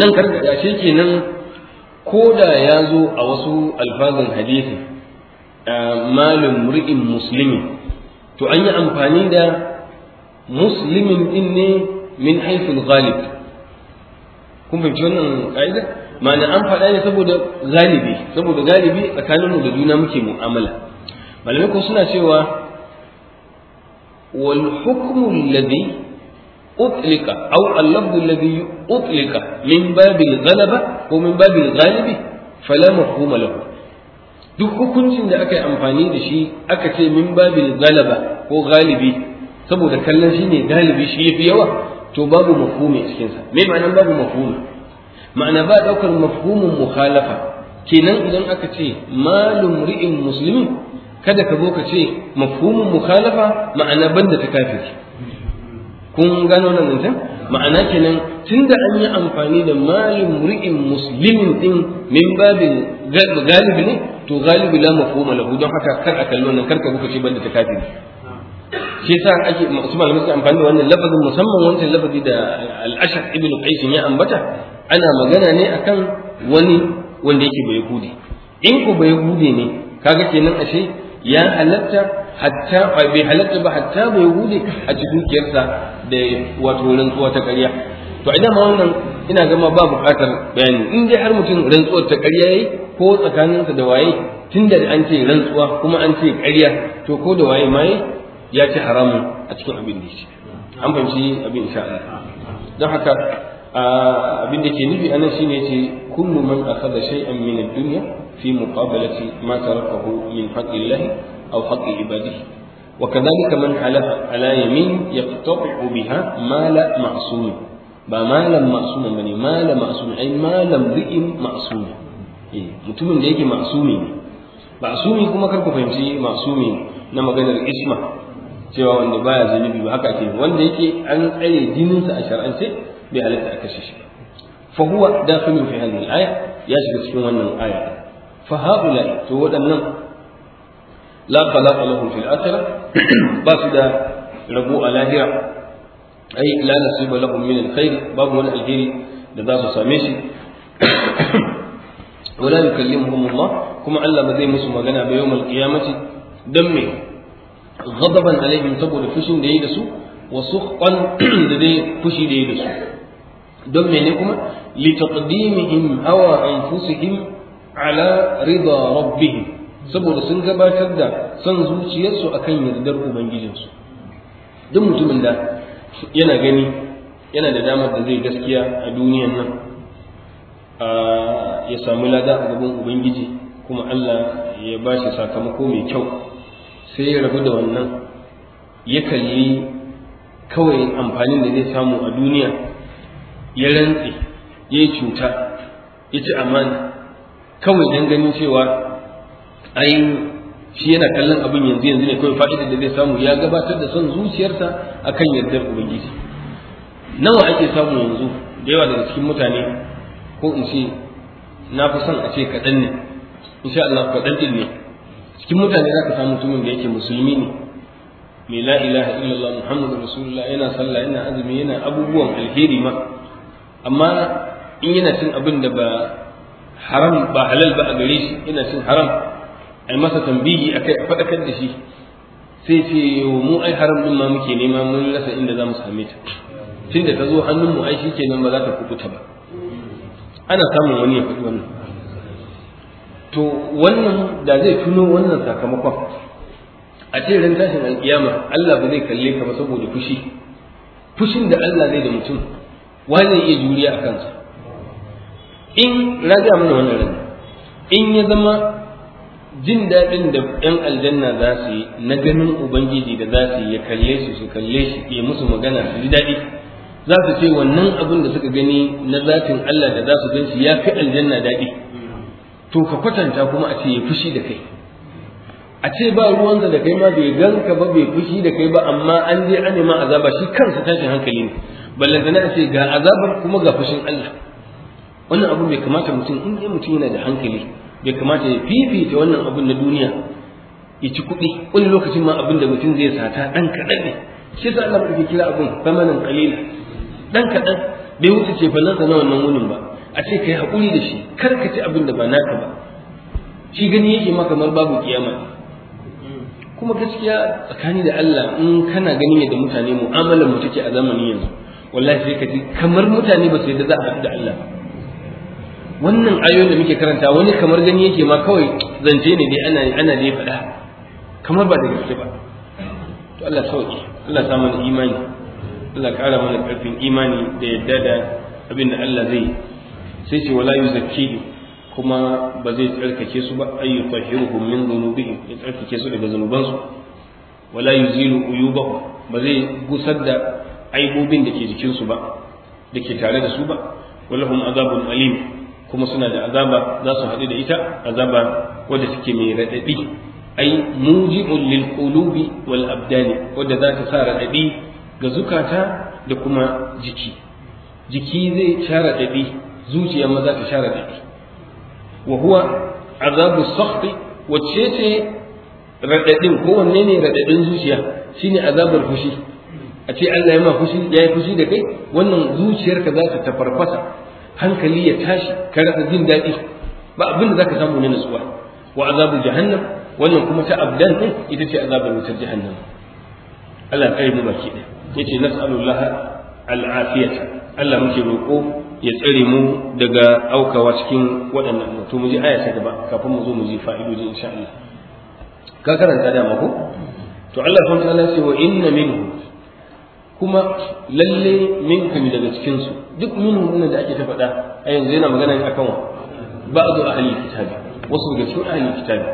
nan karkada shi kenan ko da ya zo a wasu alfazin hadisi eh, malin mur'in musulmi to an yi amfani da muslimin din ne min haifin ghalib kun fahimci wannan ka'ida ma'ana an faɗa ne saboda galibi saboda galibi tsakaninmu da juna muke mu'amala malamai ko suna cewa wal hukmu alladhi utlika aw al-lafdhu alladhi utlika min babil ghalaba ko min babil ghalibi fala mafhuma lahu duk hukuncin da aka yi amfani da shi aka ce min babil galaba ko galibi saboda kallon shi ne galibi shi yafi yawa to babu mafhumi a cikinsa me ma'anar babu mafhumi ma'ana ba daukar mafhumin mukhalafa kenan idan aka ce malum ri'in muslimin kada ka zo ka ce mafhumin mukhalafa ma'ana banda ta kafiri kun gano nan mutum ma'ana kenan tunda an yi amfani da malin ri'in muslimin din min babin galibi ne to galibi la mafhuma lahu don haka kar a kallo nan kar ka zo ka ce banda ta kafiri shi yasa ake su malamai suke amfani da wannan lafazin musamman wancan lafazi da al-ashaq ibn qais ya ambata ana magana ne akan wani wanda yake bai yahudi in ku bai yahudi ne kaga kenan ashe ya halatta hatta bai halatta ba hatta bai hude a cikin kiyarsa da wato rantsuwa ta ƙarya to idan ma wannan ina gama ba buƙatar bayani in dai har mutum rantsuwar ta ƙarya yayi ko tsakaninsa da waye tunda an ce rantsuwa kuma an ce ƙarya to ko da waye ma ya ci haramun a cikin abin da shi an fahimci abin insha Allah don haka abin da ke nufi anan shine yace kullu man akhadha shay'an min ad-dunya في مقابلة ما تركه من حق الله أو حق عباده وكذلك من حلف على يمين يقتطع بها مال معصوم بمال معصوم بني مال معصوم أي مال امرئ معصوم mutumin da yake masumi ne masumi kuma kar ku fahimci masumi na maganar isma cewa wanda baya zunubi ba haka ke wanda yake an tsare jininsa a shar'ance bai halatta a kashe shi fa huwa dakhilu fi hadhihi al-aya ya shiga cikin wannan aya fa haula to waɗannan la khalaqa lahum fil ba su da rabo a lahira ai la nasiba lahum min al babu wani alheri da za su same shi wala yukallimuhum Allah kuma Allah ba zai musu magana ba yawmal qiyamati dan me ghadaban alaihim saboda fushin da yi da su wa suqan da dai fushi da yi da su don mene kuma li taqdimihim awa anfusihim ala rida rabbihim saboda sun gabatar da son zuciyarsu akan yardar ubangijinsu duk mutumin da yana gani yana da damar da zai gaskiya a duniyan nan ya samu lada a gaban ubangiji kuma Allah ya ba shi sakamako mai kyau sai ya rabu da wannan ya kalli kawai amfanin da zai samu a duniya ya rantse ya yi cuta ya ci amana kawai dan ganin cewa ai shi yana kallon abin yanzu yanzu ne kawai fa'idar da zai samu ya gabatar da son zuciyarsa akan yardar ubangiji nawa ake samu yanzu da yawa daga cikin mutane ko in ce na fi son a ce kaɗan ne in sha Allah kaɗan din ne cikin mutane za ka samu mutumin da yake musulmi ne mai la ilaha illallah muhammadu rasulullah yana sallah yana azumi yana abubuwan alheri ma amma in yana cin abin da ba haram ba halal ba a gare shi ina cin haram a yi masa tambihi a kai a faɗakar da shi sai ce mu ai haram ɗin ma muke nema mun rasa inda za mu same ta da ta zo hannun mu ai nan ba za ta kukuta ba ana samun wani ya faɗi wannan to wannan da zai tuno wannan sakamakon a ce ran tashin alkiyama Allah ba zai kalle ka ba saboda fushi fushin da Allah zai da mutum wani iya juriya a kansa in na ga mana wannan ran in ya zama jin daɗin da 'yan aljanna za su yi na ganin ubangiji da za su yi ya kalle su su kalle shi ya musu magana su ji daɗi za su ce wannan abin da suka gani na zatin Allah da za su gan shi ya fi aljanna daɗi to ka kwatanta kuma a ce ya fushi da kai a ce ba ruwansa da kai ma bai ganka ba bai fushi da kai ba amma an je an nema azaba shi kansa tashin hankali ne ballantana a ce ga azabar kuma ga fushin Allah wannan abun bai kamata mutum in dai mutum yana da hankali bai kamata ya fifita wannan abun na duniya ya ci kuɗi wani lokacin ma abin da mutum zai sata ɗan kaɗan ne shi sa Allah bai kira abin famanan qalila ɗan kaɗan bai wuce ce fallansa na wannan wunin ba a ce yi haƙuri da shi kar ka ci abin da ba naka ba shi gani yake ma kamar babu kiyama kuma gaskiya tsakani da Allah in kana gani ganin da mutane mu'amalar mu take a zamanin yanzu wallahi sai ka ji kamar mutane ba su yadda za a haɗu da Allah ba wannan ayoyin da muke karanta wani kamar gani yake ma kawai zance ne dai ana ana dai faɗa kamar ba da gaske ba to Allah sauki Allah sa mana imani Allah ƙara mana ƙarfin imani da yadda da abin da Allah zai sai ce wala yuzakkihi kuma ba zai tsarkake su ba ayyu tahiruhum min dhunubihim ya tsarkake su daga zanubansu wala yuzilu uyubahum ba zai gusar da aibobin da ke jikinsu ba da ke tare da su ba walahum azabun alim kuma suna da azaba za su haɗu da ita azaba wadda take mai raɗaɗi ai muji'un lil qulubi wal abdani wadda za ta sa raɗaɗi ga zukata da kuma jiki jiki zai sha raɗaɗi zuciya ma za ta sha raɗaɗi wa huwa azabu sakhti wacce ce raɗaɗin ko wanne ne raɗaɗin zuciya shine azabar fushi a ce Allah ya ma fushi ya yi fushi da kai wannan zuciyarka za ta tafarfasa hankali ya tashi ka rasa jin daɗi ba abin da zaka samu ne nutsuwa wa azabul jahannam wannan kuma ta abdan din ita ce azabul wutar jahannam Allah kai mu baki ɗaya yace nas'alullah al'afiyata Allah muke roƙo ya tsare mu daga aukawa cikin waɗannan mutum mu ji aya ta gaba kafin mu zo mu ji fa'idoji insha Allah ka karanta da mako to Allah subhanahu na ta'ala ce wa inna minhu kuma lalle min minkum daga cikin su duk minhum din da ake ta faɗa a yanzu yana magana ne akan ba'du ahli kitabi wasu daga cikin ahli kitabi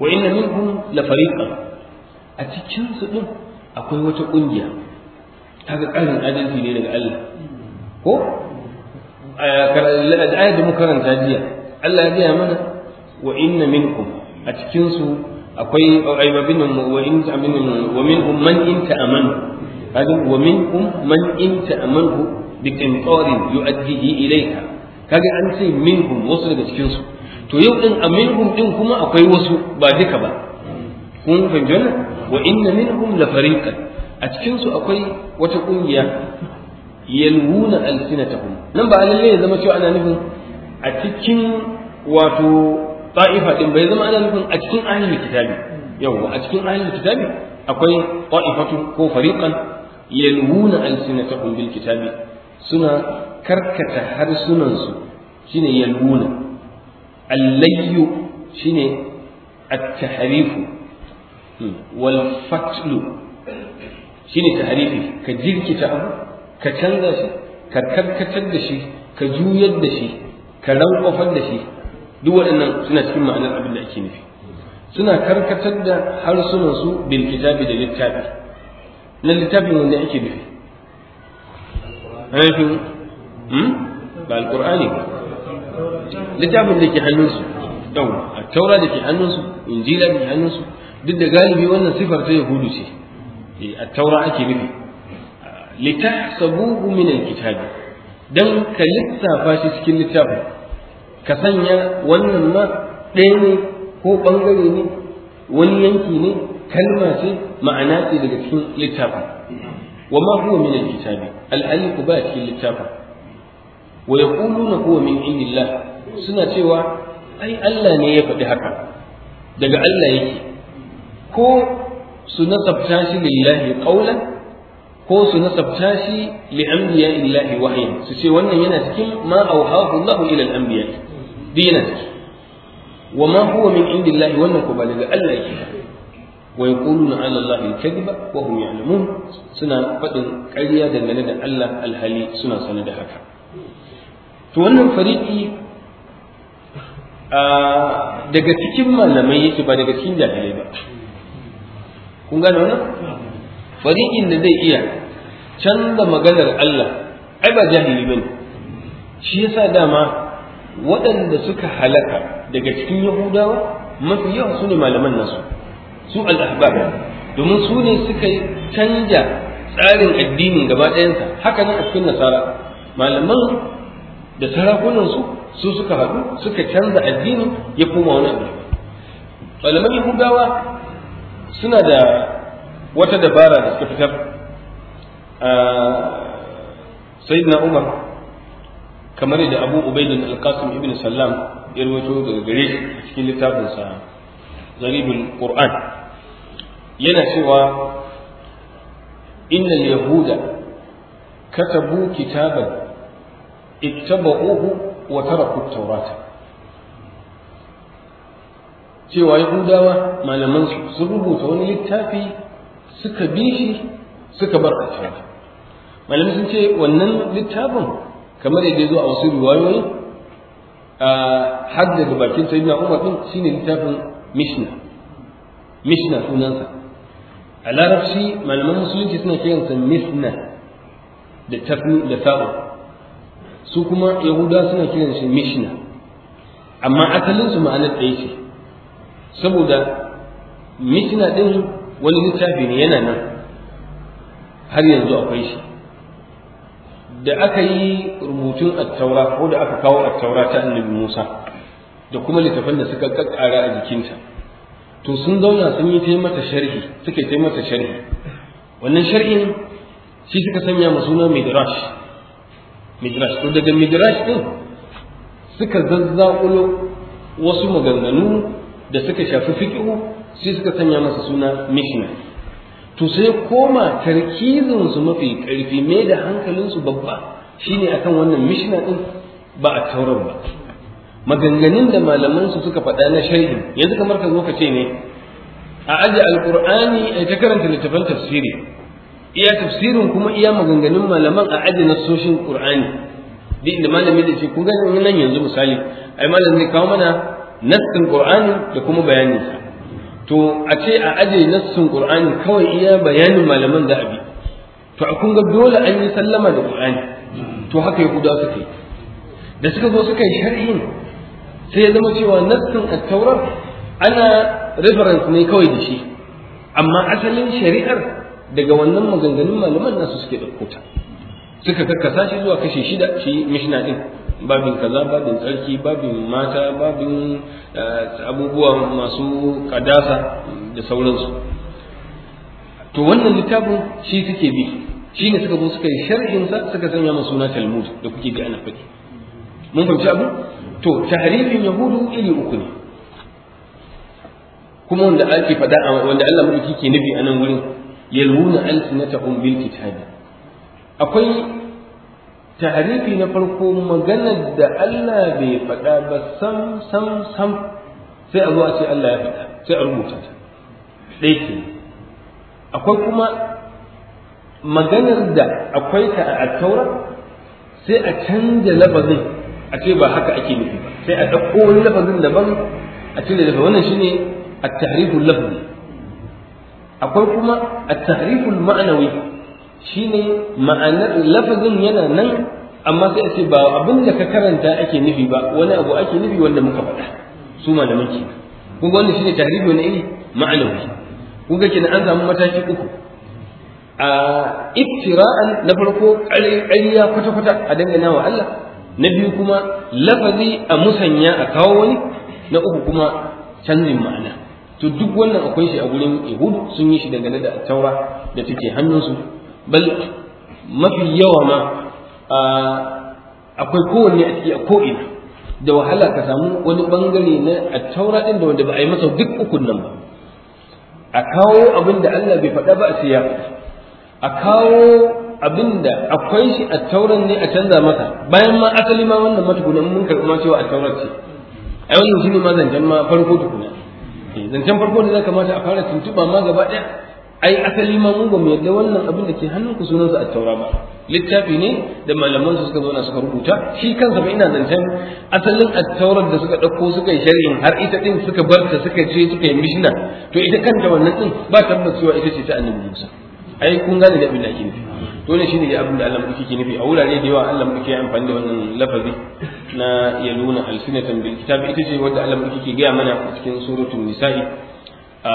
wa inna minhum la fariqan a cikin su din akwai wata kungiya kaga ƙarin adalci ne daga Allah ko ayat da muka karanta jiya Allah ya gaya mana wa inna minkum a cikin su akwai aibabin wa in ta'minu wa minhum man in ta'amanu kaga wa minkum man in ta'manhu bi qintarin yu'addihi ilayka kaga an ce minhum wasu daga cikin su to yau din a minhum din kuma akwai wasu ba duka ba kun fahimci wannan wa inna minhum la fariqan a cikin su akwai wata kungiya yalwuna alsinatahum nan ba lalle ya zama cewa ana nufin a cikin wato ta'ifa din bai zama ana nufin a cikin ahlul kitabi yawa a cikin ahlul kitabi akwai ta'ifatu ko fariqan yanhuna alsinatahum bil kitabi suna karkata harsunansu su shine yanhuna allayyu shine at-tahrifu hmm. wal fatlu shine tahrifi ka jirkita abu ka canza shi ka karkatar da shi ka juyar da shi ka rankwafar da shi duk waɗannan suna cikin ma'anar abin da ake nufi suna karkatar da harsunansu bil kitabi da littafi na littafin wanda ake nufi ainihin hmm? ba alkur'ani ba littafin da ke hannunsu yawwa a taura da ke hannunsu injila da ke hannunsu duk da galibi wannan sifar ta yahudu ce eh, a taura ake nufi litahsabuhu min alkitabi dan ka lissafa shi cikin littafi ka sanya wannan ma ɗaya ne ko ɓangare ne wani yanki ne kalma ce ma'ana ce daga cikin littafin wa ma huwa min alkitabi al-alif ba cikin littafin wa yaquluna huwa min indillah suna cewa ai Allah ne ya faɗi haka daga Allah yake ko su nasabta shi lillahi qawlan ko su nasabta shi li anbiya illahi wahyin su ce wannan yana cikin ma auhahu Allah ila al-anbiya dinan wa ma huwa min indillahi wannan ko ba daga Allah yake Wai yaquluna ala allahi kadhiba wa hum ya'lamun suna faɗin ƙarya dangane da Allah alhali suna sanin da haka to wannan fariki daga cikin malamai yake ba daga cikin jahilai ba kun gane wannan fariƙin da zai iya canza maganar Allah ai ba jahili bane shi yasa dama waɗanda suka halaka daga cikin yahudawa mafi yawa su ne malaman nasu su al-ahbab domin su ne suka canja tsarin addinin gaba ɗayansa haka nan a cikin nasara malaman da sarakunan su su suka haɗu suka canza addini ya koma wani abu malaman yahudawa suna da wata dabara da suka fitar sayyidina umar kamar da abu ubaidun al-qasim ibn sallam ya rawaito daga gare a cikin littafinsa zaribul qur'an yana cewa inna yahuda katabu kitaban ittaba'uhu wa taraku taurata, cewa yahudawa malaman su sun rubuta wani littafi suka bi shi suka bar attaura malamai sun ce wannan littafin kamar yadda zo a wasu riwayoyi har daga bakin sayyidina umar din shine littafin mishna mishna sunansa a larabci malaman musulunci suna kiransa misna da tafni da sa'u su kuma yahuda suna kiran shi mishna amma asalinsu su ma'anar ɗaya ce saboda mishna ɗin wani littafi ne yana nan har yanzu akwai shi da aka yi rubutun attaura ko da aka kawo attaura ta annabi musa da kuma littafan da suka kakkara a jikinta to sun zauna sun yi ta mata sharhi suke ta mata sharhi wannan sharhin shi suka sanya ma suna midrash midrash to daga midrash din suka zazzaƙulo wasu maganganu da suka shafi fikihu sai suka sanya masa suna mishna to sai koma tarkizin su mafi karfi mai da hankalinsu babba shine akan wannan mishna din ba a taurar ba maganganun da malaman su suka faɗa na sharhi yanzu kamar ka zo ka ce ne a aje alqur'ani ai ta karanta littafin tafsiri iya tafsirin kuma iya maganganun malaman a aje nasoshin qur'ani duk inda malami da ce kun ga nan yanzu misali ai malam zai kawo mana nassin qur'ani da kuma bayanin sa to a ce a aje nassin qur'ani kawai iya bayanin malaman da abi to a kun ga dole an yi sallama da qur'ani to haka ya yahudawa suka yi da suka zo suka yi sharhin sai ya zama cewa nassin attaurar ana reference ne kawai da shi amma asalin shari'ar daga wannan maganganun malaman nasu suke ɗauko ta suka karkasa shi zuwa kashe shida shi ɗin. din babin kaza babin tsarki babin mata babin eh, abubuwa masu kadasa da sauransu to wannan littafin shi suke bi shi ne suka zo suka yi sharhinsa suka sanya masu suna talmud da kuke ji ana faɗi mun fahimci abu to tahrifin yahudu iri uku ne kuma wanda ake faɗa wanda Allah madauki ke nufi a nan wurin yalwuna alsinatahum bil kitabi akwai tahrifi na farko maganar da Allah bai faɗa ba sam sam sam sai a zo a ce Allah ya faɗa sai a rubuta ta ɗaya ke akwai kuma maganar da akwai ta a taura sai a canza labazin a ce ba haka ake nufi sai a ɗauko wani lafazin daban a cire daga wannan shine at-tahriful lafzi akwai kuma at-tahriful ma'anawi shine ma'anar lafazin yana nan amma sai a ce ba abin da ka karanta ake nufi ba wani abu ake nufi wanda muka faɗa su ma da kun ga wannan shine tahrifi wani iri ma'anawi kun ga kenan an samu mataki uku a ibtira'an na farko ƙarya kwata-kwata a dangana wa Allah na biyu kuma lafazi a musanya a kawo wani na uku kuma canjin ma'ana to duk wannan akwai shi a gurin ihud sun yi shi dangane da taura da take hannunsu bal mafi yawa ma akwai kowanne a cikin a ko'ina da wahala ka samu wani bangare na a taura ɗin da wanda ba a yi masa duk ukun nan ba a kawo abin da Allah bai faɗa ba a siya a kawo abinda akwai shi a tauran ne a canza masa bayan ma asali ma wannan matukunan mun karɓi ma cewa a taurar ce ai wannan ne ma zancen ma farko tukuna eh, zancen farko ne za kamata a fara tuntuɓa ma gaba ɗaya ai asali ma mun ba mu yadda wannan abin da ke hannun ku sunansa a taura ba littafi ne da malaman su suka zauna suka rubuta shi kansa ba ina zancen asalin a attaurar da suka ɗauko suka yi shari'in har ita ɗin suka barta suka ce suka yi mishina to ita kanta wannan ɗin ba tabbas cewa ita ce ta annabi Musa ai kun gane da abin da ake nufi to ne shine abin da Allah muke ke nufi a wurare da yawa Allah muke amfani da wannan lafazi na yaluna alsinatan bil kitab ita ce wanda Allah muke ke ga mana cikin suratul nisa'i a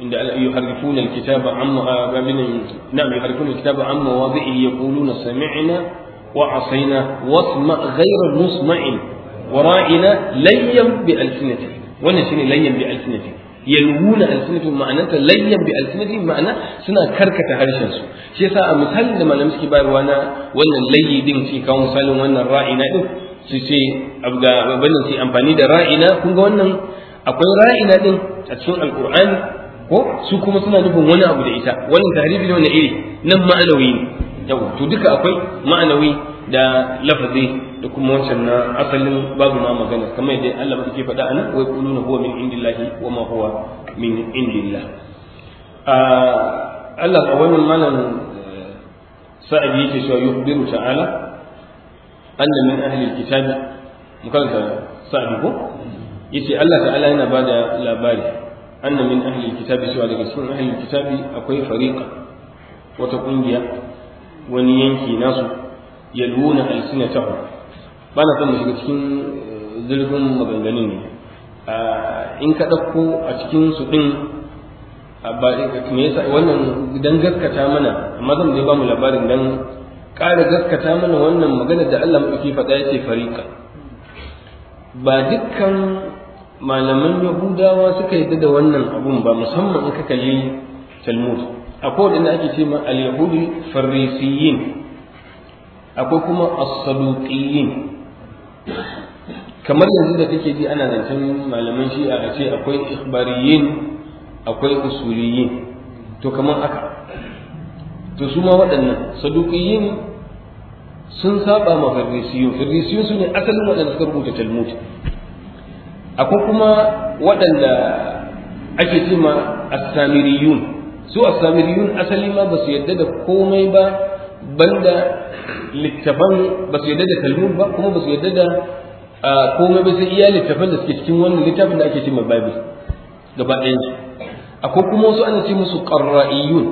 inda alkitaba amma عند يحرفون الكتاب عن نعم يحرفون الكتاب عن مواضعه يقولون سمعنا وعصينا واسمع غير مسمع ورائنا bi alsinatin wannan shine layyan bi alsinatin yalwuna alsinatun ma'ananta layyan bi alsinatun ma'ana suna karkata harshen su shi yasa a misalin da malamai suke bayarwa na wannan layyi din sai kawo misalin wannan ra'ina din su ce abga wannan sai amfani da ra'ina kun ga wannan akwai ra'ina din a cikin alqur'ani ko su kuma suna nufin wani abu da ita wannan tahrifi ne wannan iri nan ma'anawi ne yawa to duka akwai ma'anawi da lafazi da kuma wancan na asalin babu ma magana kamar yadda Allah ba ke faɗa anan wai kuluna huwa min indillahi wa ma huwa min indillah Allah a wannan malam eh, sa'adi yake cewa yukhbiru ta'ala anna min ahli alkitabi mukanta sa'adi ko yace Allah ta'ala yana da labari anna min ahli alkitabi cewa daga cikin ahli alkitabi akwai fariqa wata kungiya wani yanki nasu yalwuna alsinatahu ba na son mu shiga cikin eh, zirgin maganganun ne ah, in ka ɗauko a cikin su ɗin me yasa wannan dan gaskata mana amma zan ba mu labarin dan ƙara gaskata mana wannan magana da Allah ke faɗa ya ce fariƙa ba dukkan malaman yahudawa suka yadda da wannan abun ba musamman in ka kalli talmud akwai waɗanda ake ce ma al-yahudi farisiyin akwai kuma as-saduqiyin kamar yanzu da kake ji ana zancen malaman shi'a a ce akwai ikhbariyin akwai usuliyin to kamar haka to su ma waɗannan saduqiyin sun saba ma farisiyun farisiyun su ne asalin waɗanda suka rubuta talmud akwai kuma waɗanda ake ce ma as-samiriyun su as-samiriyun asali ma ba su yadda da komai ba banda littafan ba su yadda da kalmun ba kuma ba su yadda da komai ba su iya littafan da suke cikin wannan littafin da ake cimma bible gaba ɗayan akwai kuma wasu ana ce musu qarra'iyun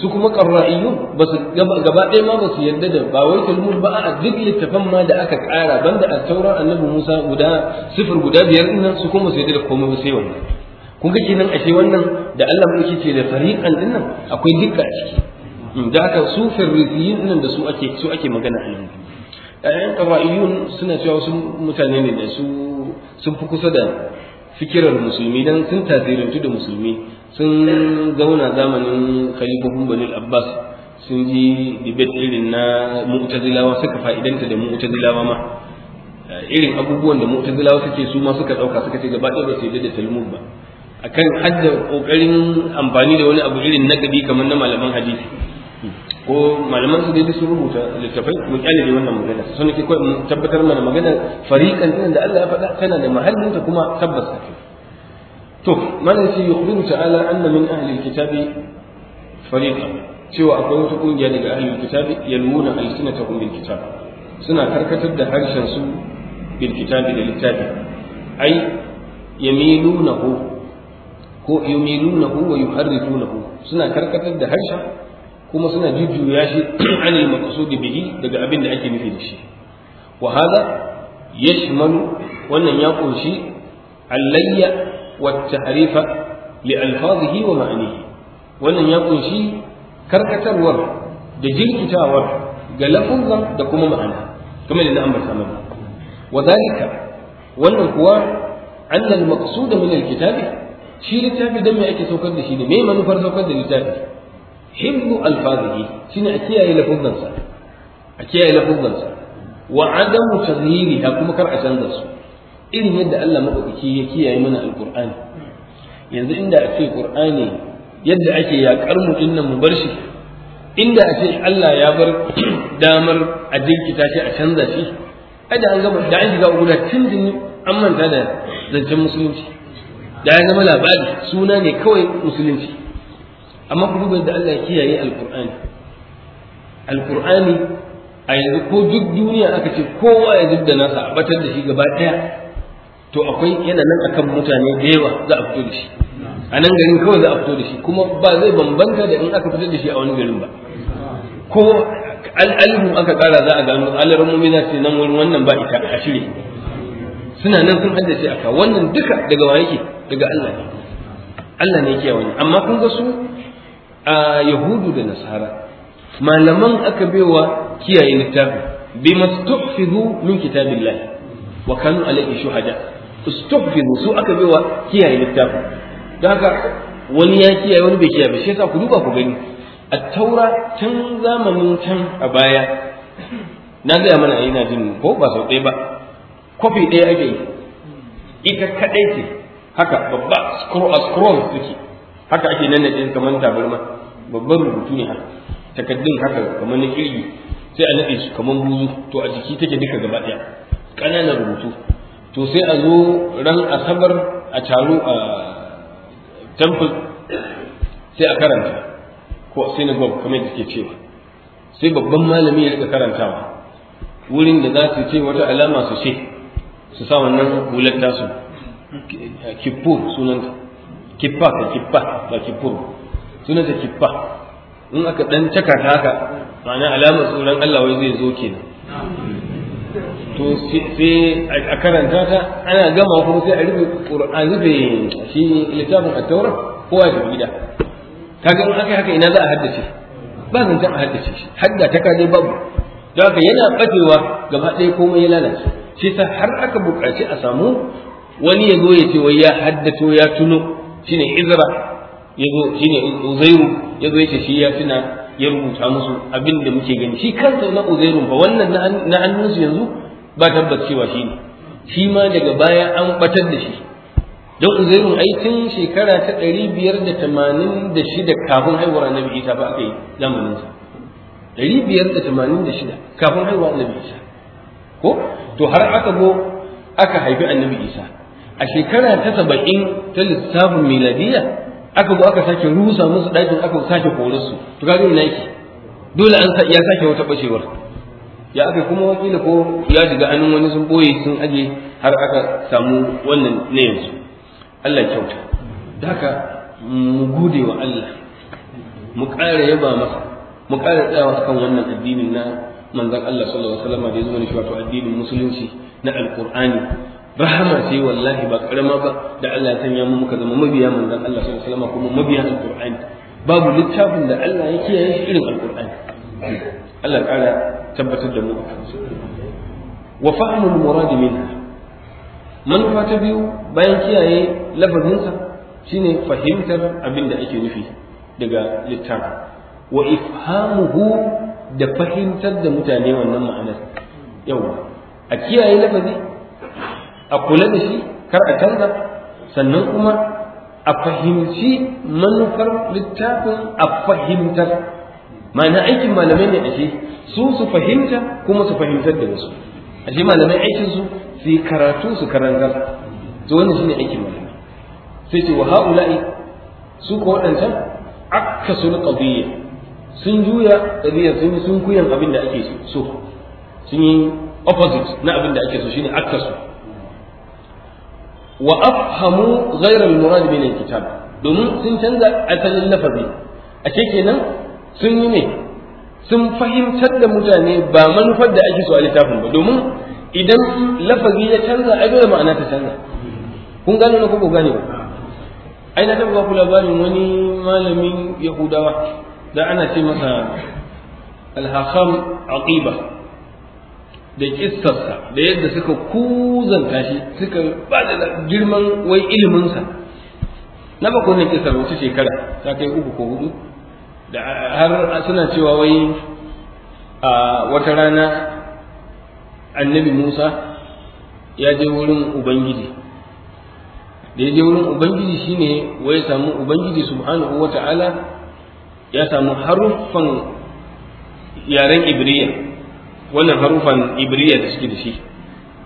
su kuma qarra'iyun ba su gaba ɗaya ma ba su yadda da ba wai kalmun ba a duk littafan ma da aka ƙara banda a sauran annabi Musa guda sifir guda biyar ɗin su kuma su yadda da komai ba sai wannan kun ga kenan ashe wannan da Allah mulki ce da fariqan dinnan akwai dukkan ciki Mm, da haka su farisiyin nan da su ake su ake magana a yanzu ƴaƴan qawaiyun suna cewa wasu mutane ne da su sun fi kusa da fikirar musulmi dan sun tasirantu da musulmi sun zauna zamanin khalifofin banil abbas sun ji debate irin na mu'tazilawa suka fa'idanta da mu'tazilawa ma eh, irin abubuwan da mu'tazilawa suke su ma suka dauka suka ce gaba ɗaya ba su yadda da talmud ba akan hadda kokarin amfani da wani abu irin na gabi kamar na malaman hadisi ko malaman su dai sun rubuta littafai mun kyale wannan magana sun ke kai mun tabbatar mana magana fariqan din da Allah ya faɗa tana da mahallin ta kuma tabbas ta to malam sai yukhbiru ta'ala anna min ahli alkitabi fariqan cewa akwai wata kungiya daga ahli alkitabi yalmuna alsinatahum bil kitab suna karkatar da harshen su bil da littafi ai yamilunahu ko yamilunahu wa yuharrifunahu suna karkatar da harshen kuma suna jujjuya shi anil maqsudi bihi daga abin da ake nufi da shi wa hada yashmalu wannan ya kunshi allayya wa tahrifa li alfazihi wa ma'anihi wannan ya kunshi karkatarwar da jirkitawar ga lafuzan da kuma ma'ana kamar da ambata mana wa wannan kuwa annal maqsuda min alkitabi shi littafi dan me ake saukar da shi ne me manufar saukar da littafi himmu alfazihi shine a kiyaye lafazansa a kiyaye lafazansa wa adamu tazhiriha kuma kar a canza su irin yadda Allah madaukaki ya kiyaye mana alqur'ani yanzu inda a ce qur'ani yadda ake yakar mu dinnan mu bar shi inda a ce Allah ya bar damar a jinkita shi a canza shi ai an gama da an shiga guda tun an manta da zancen musulunci da ya zama labari suna ne kawai musulunci amma ku duba da Allah ya kiyaye alqur'ani alqur'ani a yanzu ko duk duniya aka ce kowa ya zubda nasa a batar da shi gaba daya to akwai yana nan akan mutane da yawa za a fito da shi a nan garin kawai za a fito da shi kuma ba zai bambanta da in aka fito da shi a wani garin ba ko al'alimu aka kara za a gano alarar mumina ce nan wurin wannan ba ita a shirye suna nan sun haddace aka wannan duka daga wa yake daga Allah ne Allah ne yake wani amma kun ga su a yahudu da nasara malaman aka baiwa kiyaye littafi bima tuhfizu min kitabillah wa kanu alayhi shuhada tuhfizu su aka baiwa kiyaye littafi don haka wani ya kiyaye wani bai kiyaye shi yasa ku duba ku gani a taura tun zamanin can a baya na gaya mana ina jin ko ba sau ɗaya ba kofi ɗaya ake yi ita kaɗai ce haka babba a scroll suke haka ake nan da kamar tabarma babban rubutu ne haka takaddun haka kamar na kirgi sai a naɗe su kamar buzu to a jiki take duka gaba ɗaya ƙananan rubutu to sai a zo ran asabar a taro a temple sai a karanta ko synagogue kamar yadda ke cewa sai babban malami ya rika karantawa wurin da za su ce wata alama su ce su sa wannan hular tasu kippur sunanta kippa ka kippa ba kippur sunan ta kiffa in aka dan caka ta haka ma'ana alamar tsoron Allah wai zai zo kenan to sai a karanta ta ana gama kuma sai a rufe qur'an rufe shi littafin at-taura ko a gida kaga in aka haka ina za a haddace ba zan a haddace shi hadda ta kaje babu don haka yana batewa gaba ɗaya komai ya lalace shi sa har aka buƙaci a samu wani ya zo ya ce wai ya haddato ya tuno shine izra ya zo shi ne uzairu ya zo shi ya tuna ya rubuta musu abin da muke gani shi kansa na uzairu ba wannan na hannunsu yanzu ba tabbas cewa shi ne shi ma daga baya an batar da shi don uzairu ai tun shekara ta ɗari biyar da tamanin da shida kafin haihuwar annabi isa ba aka yi sa. ɗari biyar da tamanin da shida kafin haihuwar annabi isa ko to har aka zo aka haifi annabi isa a shekara ta saba'in ta lissafin miladiyya aka zo aka sake rusa musu ɗakin aka sake kore su to ga ina yake dole an ya sake wata bacewar ya aka kuma wakili ko ya shiga anan wani sun boye sun aje har aka samu wannan ne yanzu Allah kyauta daka mu gode wa Allah mu ƙara yaba masa mu ƙara tsayawa akan wannan addinin na manzon Allah sallallahu alaihi wasallam da ya zama ne shi wato addinin musulunci na alqur'ani rahama sai wallahi ba karama ba da Allah ya sanya mu muka zama mabiya manzon Allah sallallahu alaihi wasallam kuma mabiya alqur'ani babu littafin da Allah ya kiyaye shi irin alqur'ani Allah kara tabbatar da mu wa fahmul murad minha manufa ta biyu bayan kiyaye sa shine fahimtar abin da ake nufi daga littafin wa ifhamuhu da fahimtar da mutane wannan ma'anar yawa a kiyaye lafazi a kula da shi kar a canza sannan kuma a fahimci manufar littafin a fahimtar ma'ana aikin malamai ne ashe su su fahimta kuma su fahimtar da wasu ashe malamai aikin su su karatu su karantar to wannan shine aikin malamai sai ce wa haula'i su ko akka suna qadiyya sun juya qadiyya sun yi sun kuyan abin da ake so sun yi opposite na abin da ake so shine su. wa afhamu ghayra al-murad min al domin sun canza asalin lafazi ashe kenan sun yi ne sun fahimtar da mutane ba manufar da ake so a littafin ba domin idan lafazi ya canza ai dole ma'ana ta canza kun gane na ko gane ba ai na taba ku labarin wani malamin yahudawa da ana ce masa a aqiba da kissarsa da yadda suka kuzanta shi suka ba da girman wai iliminsa na ba kunan kissar wuce shekara ta kai uku ko hudu da har suna cewa wai a wata rana annabi musa ya je wurin ubangiji da ya je wurin ubangiji shine wai samu ubangiji subhanahu wa ta'ala ya samu haruffan yaren ibriya wannan harufan ibriya da suke da shi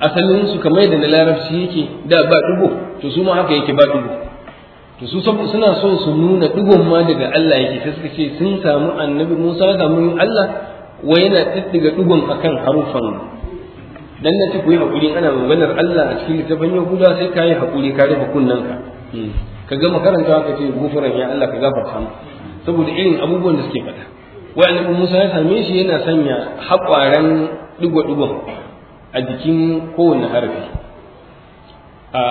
asalin su kamar yadda na larabci yake da ba dugo to su ma haka yake ba dugo to su suna son su nuna dugon ma daga Allah yake sai suka ce sun samu annabi Musa ya samu Allah wai yana diddiga dugon akan harufan dan na ce ku yi hakuri ana maganar Allah a cikin littafin Yahuda sai kai yi hakuri ka rufe kunnanka hmm. ka ga makaranta ka ce gufuran ya Allah ka gafarta mu saboda irin abubuwan da suke fada wai annabi Musa ya same shi yana sanya haƙwaren digo-digon a jikin kowane harfi a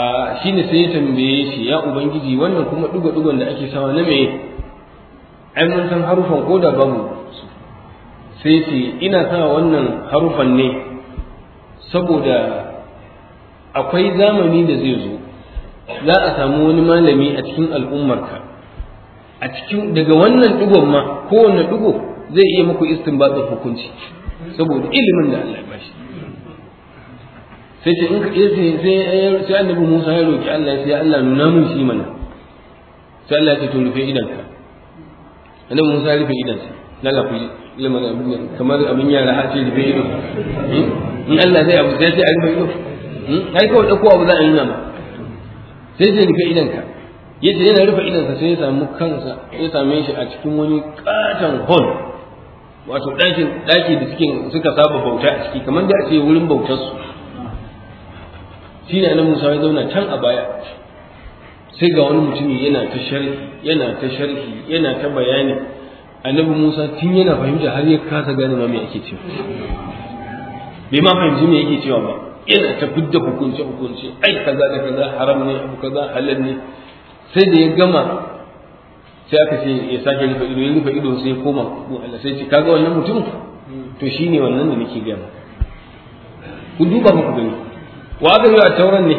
shi ne sai ya tambaye shi ya ubangiji wannan kuma digo-digon da ake sawa na me ai mun san harufan ko da babu sai ce ina sa wannan harufan ne saboda akwai zamani da zai zo za a samu wani malami a cikin al'ummarka a cikin daga wannan digon ma kowane ɗigo zai iya muku istinbatsa hukunci saboda ilimin da Allah ya bashi sai ce in ka sai eh, sai annabi Musa ya roki Allah ya ce Allah nuna mun shi mana sai Allah ya ce to rufe idanka annabi Musa ya rufe idansa lalla ku ilimin abin da kamar abin yara ha ce rufe ido hmm? in Allah zai abu sai sai a rufe ido hmm? ai kawai dauko abu za a yi ma. sai sai rufe idanka yace yana rufe idansa sai ya samu kansa ya same shi a cikin wani katon hall wato ɗakin ɗaki da suke suka saba bauta a ciki kamar da a wurin bautar su shine annabi Musa ya zauna can a baya sai ga wani mutumi yana ta sharhi yana ta sharhi yana ta bayani annabi Musa tun yana fahimta har ya kasa gane ma me yake cewa bai ma fahimci me yake cewa ba yana ta fidda hukunci-hukunci ai kaza da kaza haram ne abu kaza halal ne sai da ya gama sai aka ce ya sake rufe ido ya rufe ido sai ya koma Allah sai ce kaga wannan mutum hmm. to shine wannan da nake gaya ku duba ku gani wa ga yi a tauran ne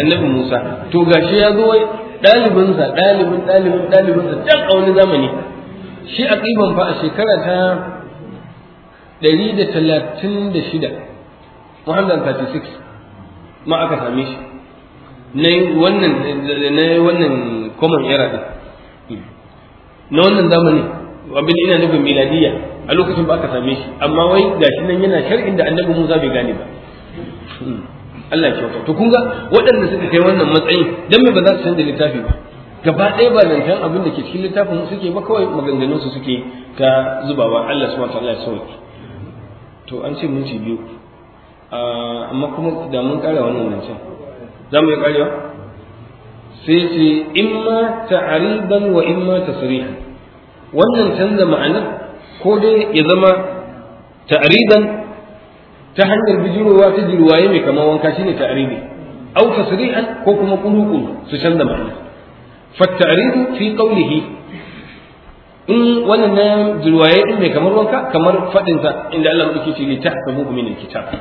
annabi Musa to gashi ya zo ɗalibinsa ɗalibin ɗalibin ɗalibinsa can a wani zamani shi a ƙiban fa a shekara ta ɗari da talatin da shida 136 ma aka same shi na wannan common era ɗin na wannan zamani abin ina nufin miladiya a lokacin ba aka same shi amma wai gashi nan yana shar'in da annabi Musa bai gane ba hmm. Allah ya kyauta to kun ga waɗanda suka kai wannan matsayin dan me ba za su canza littafi ba gaba ɗaya ba nan tan abin da ke cikin littafin suke ba kawai maganganun su suke ta zubawa Allah subhanahu wa ta'ala ya sauke to an ce minti biyu ah, amma kuma da mun ƙara wannan nan can za mu yi ƙarewa sai ce in ma ta'ariban wa in imma tasrihan wannan canza ma'ana ko dai ya zama ta'ariban ta hanyar bijirowa ta jirwaye mai kamar wanka shine ta'aribi, au tasrihan ko kuma quluqul su canza ma'ana fa ta'ribu fi qawlihi in wannan na jirwaye din mai kamar wanka kamar fadin sa inda Allah yake ce ta, tahsabu min alkitab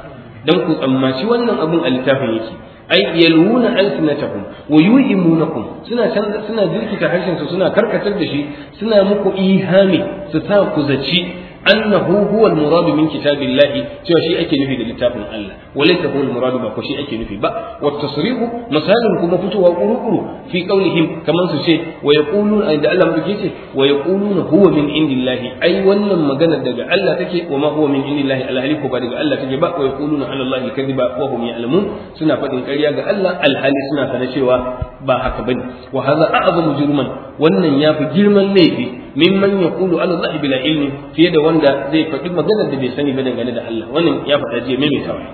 dan ku tsammaci wannan abun a littafin yake ai yalwuna alsinatakum wa yu'imunakum suna suna jirkita harshen su suna karkatar da shi suna muku ihami su sa ku zaci annahu huwa muradu murad min kitabillahi cewa shi ake nufi da littafin Allah walaysa huwa al-murad ba ko shi ake nufi ba wa tasrihu misalin kuma fitowa kurukuru fi qawlihim kaman su ce wa yaqulun da Allah muke ce wa yaqulun huwa min indillahi ai wannan maganar daga Allah take wa ma huwa min indillahi alhali ko ba daga Allah take ba wa yaqulun ala Allah kadhiba wa hum ya'lamun suna faɗin karya ga Allah alhali suna sanar cewa ba haka bane wa hadha a'zamu jurman wannan yafi girman laifi mimman ya ala Allah bila ilmi fiye da wanda zai faɗi maganar da bai sani ba dangane da Allah wannan ya faɗa jiya mai kawai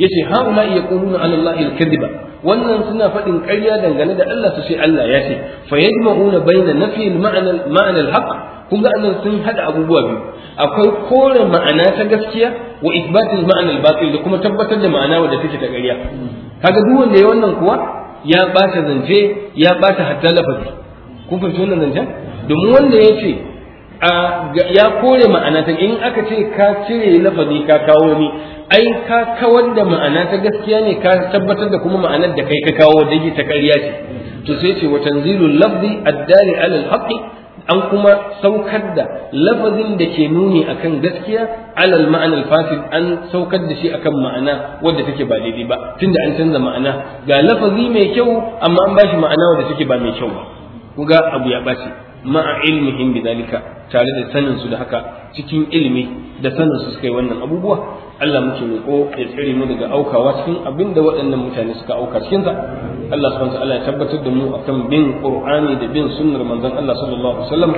yace haula yaquluna ala Allah al wannan suna faɗin ƙarya dangane da Allah su ce Allah ya ce fa yajma'una bayna nafi al-ma'na ma'na mana al kun ga annan sun haɗa abubuwa biyu akwai koren ma'ana ta gaskiya wa isbatil ma'anar al-batil da kuma tabbatar da ma'ana wadda take ta ƙarya kaga duk wanda ya wannan kuwa ya ɓata zance ya ɓata hatta lafazi kun fahimci wannan zancen domin wanda ya ce ya kore ma'ana ta in aka ce ka cire lafazi ka kawo ni ai ka kawar da ma'ana ta gaskiya ne ka tabbatar da kuma ma'anar da kai ka kawo da ta ƙarya ce to sai ce wa tanzilul lafzi addari alal haqqi an kuma saukar da lafazin da ke nuni akan gaskiya alal ma'anar fasid an saukar da shi akan ma'ana wadda take ba daidai ba tunda an canza ma'ana ga lafazi mai kyau amma an ba shi ma'ana wadda take ba mai kyau ba kuga abu ya ɓaci ma'a ilmihim bidalika tare da sanin da haka cikin ilimi da sanin su suka wannan abubuwa Allah muke roƙo ya tsare mu daga aukawa cikin abinda waɗannan mutane suka auka cikin sa Allah subhanahu wataala ya tabbatar da mu akan bin ƙur'ani da bin sunnar manzon Allah sallallahu alaihi wasallam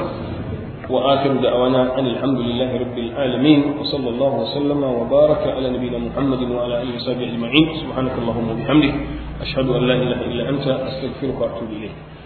وآخر دعوانا أن الحمد لله رب العالمين وصلى الله وسلم وبارك على نبينا محمد وعلى آله وصحبه أجمعين سبحانك اللهم وبحمدك أشهد أن لا إله إلا أنت أستغفرك وأتوب إليك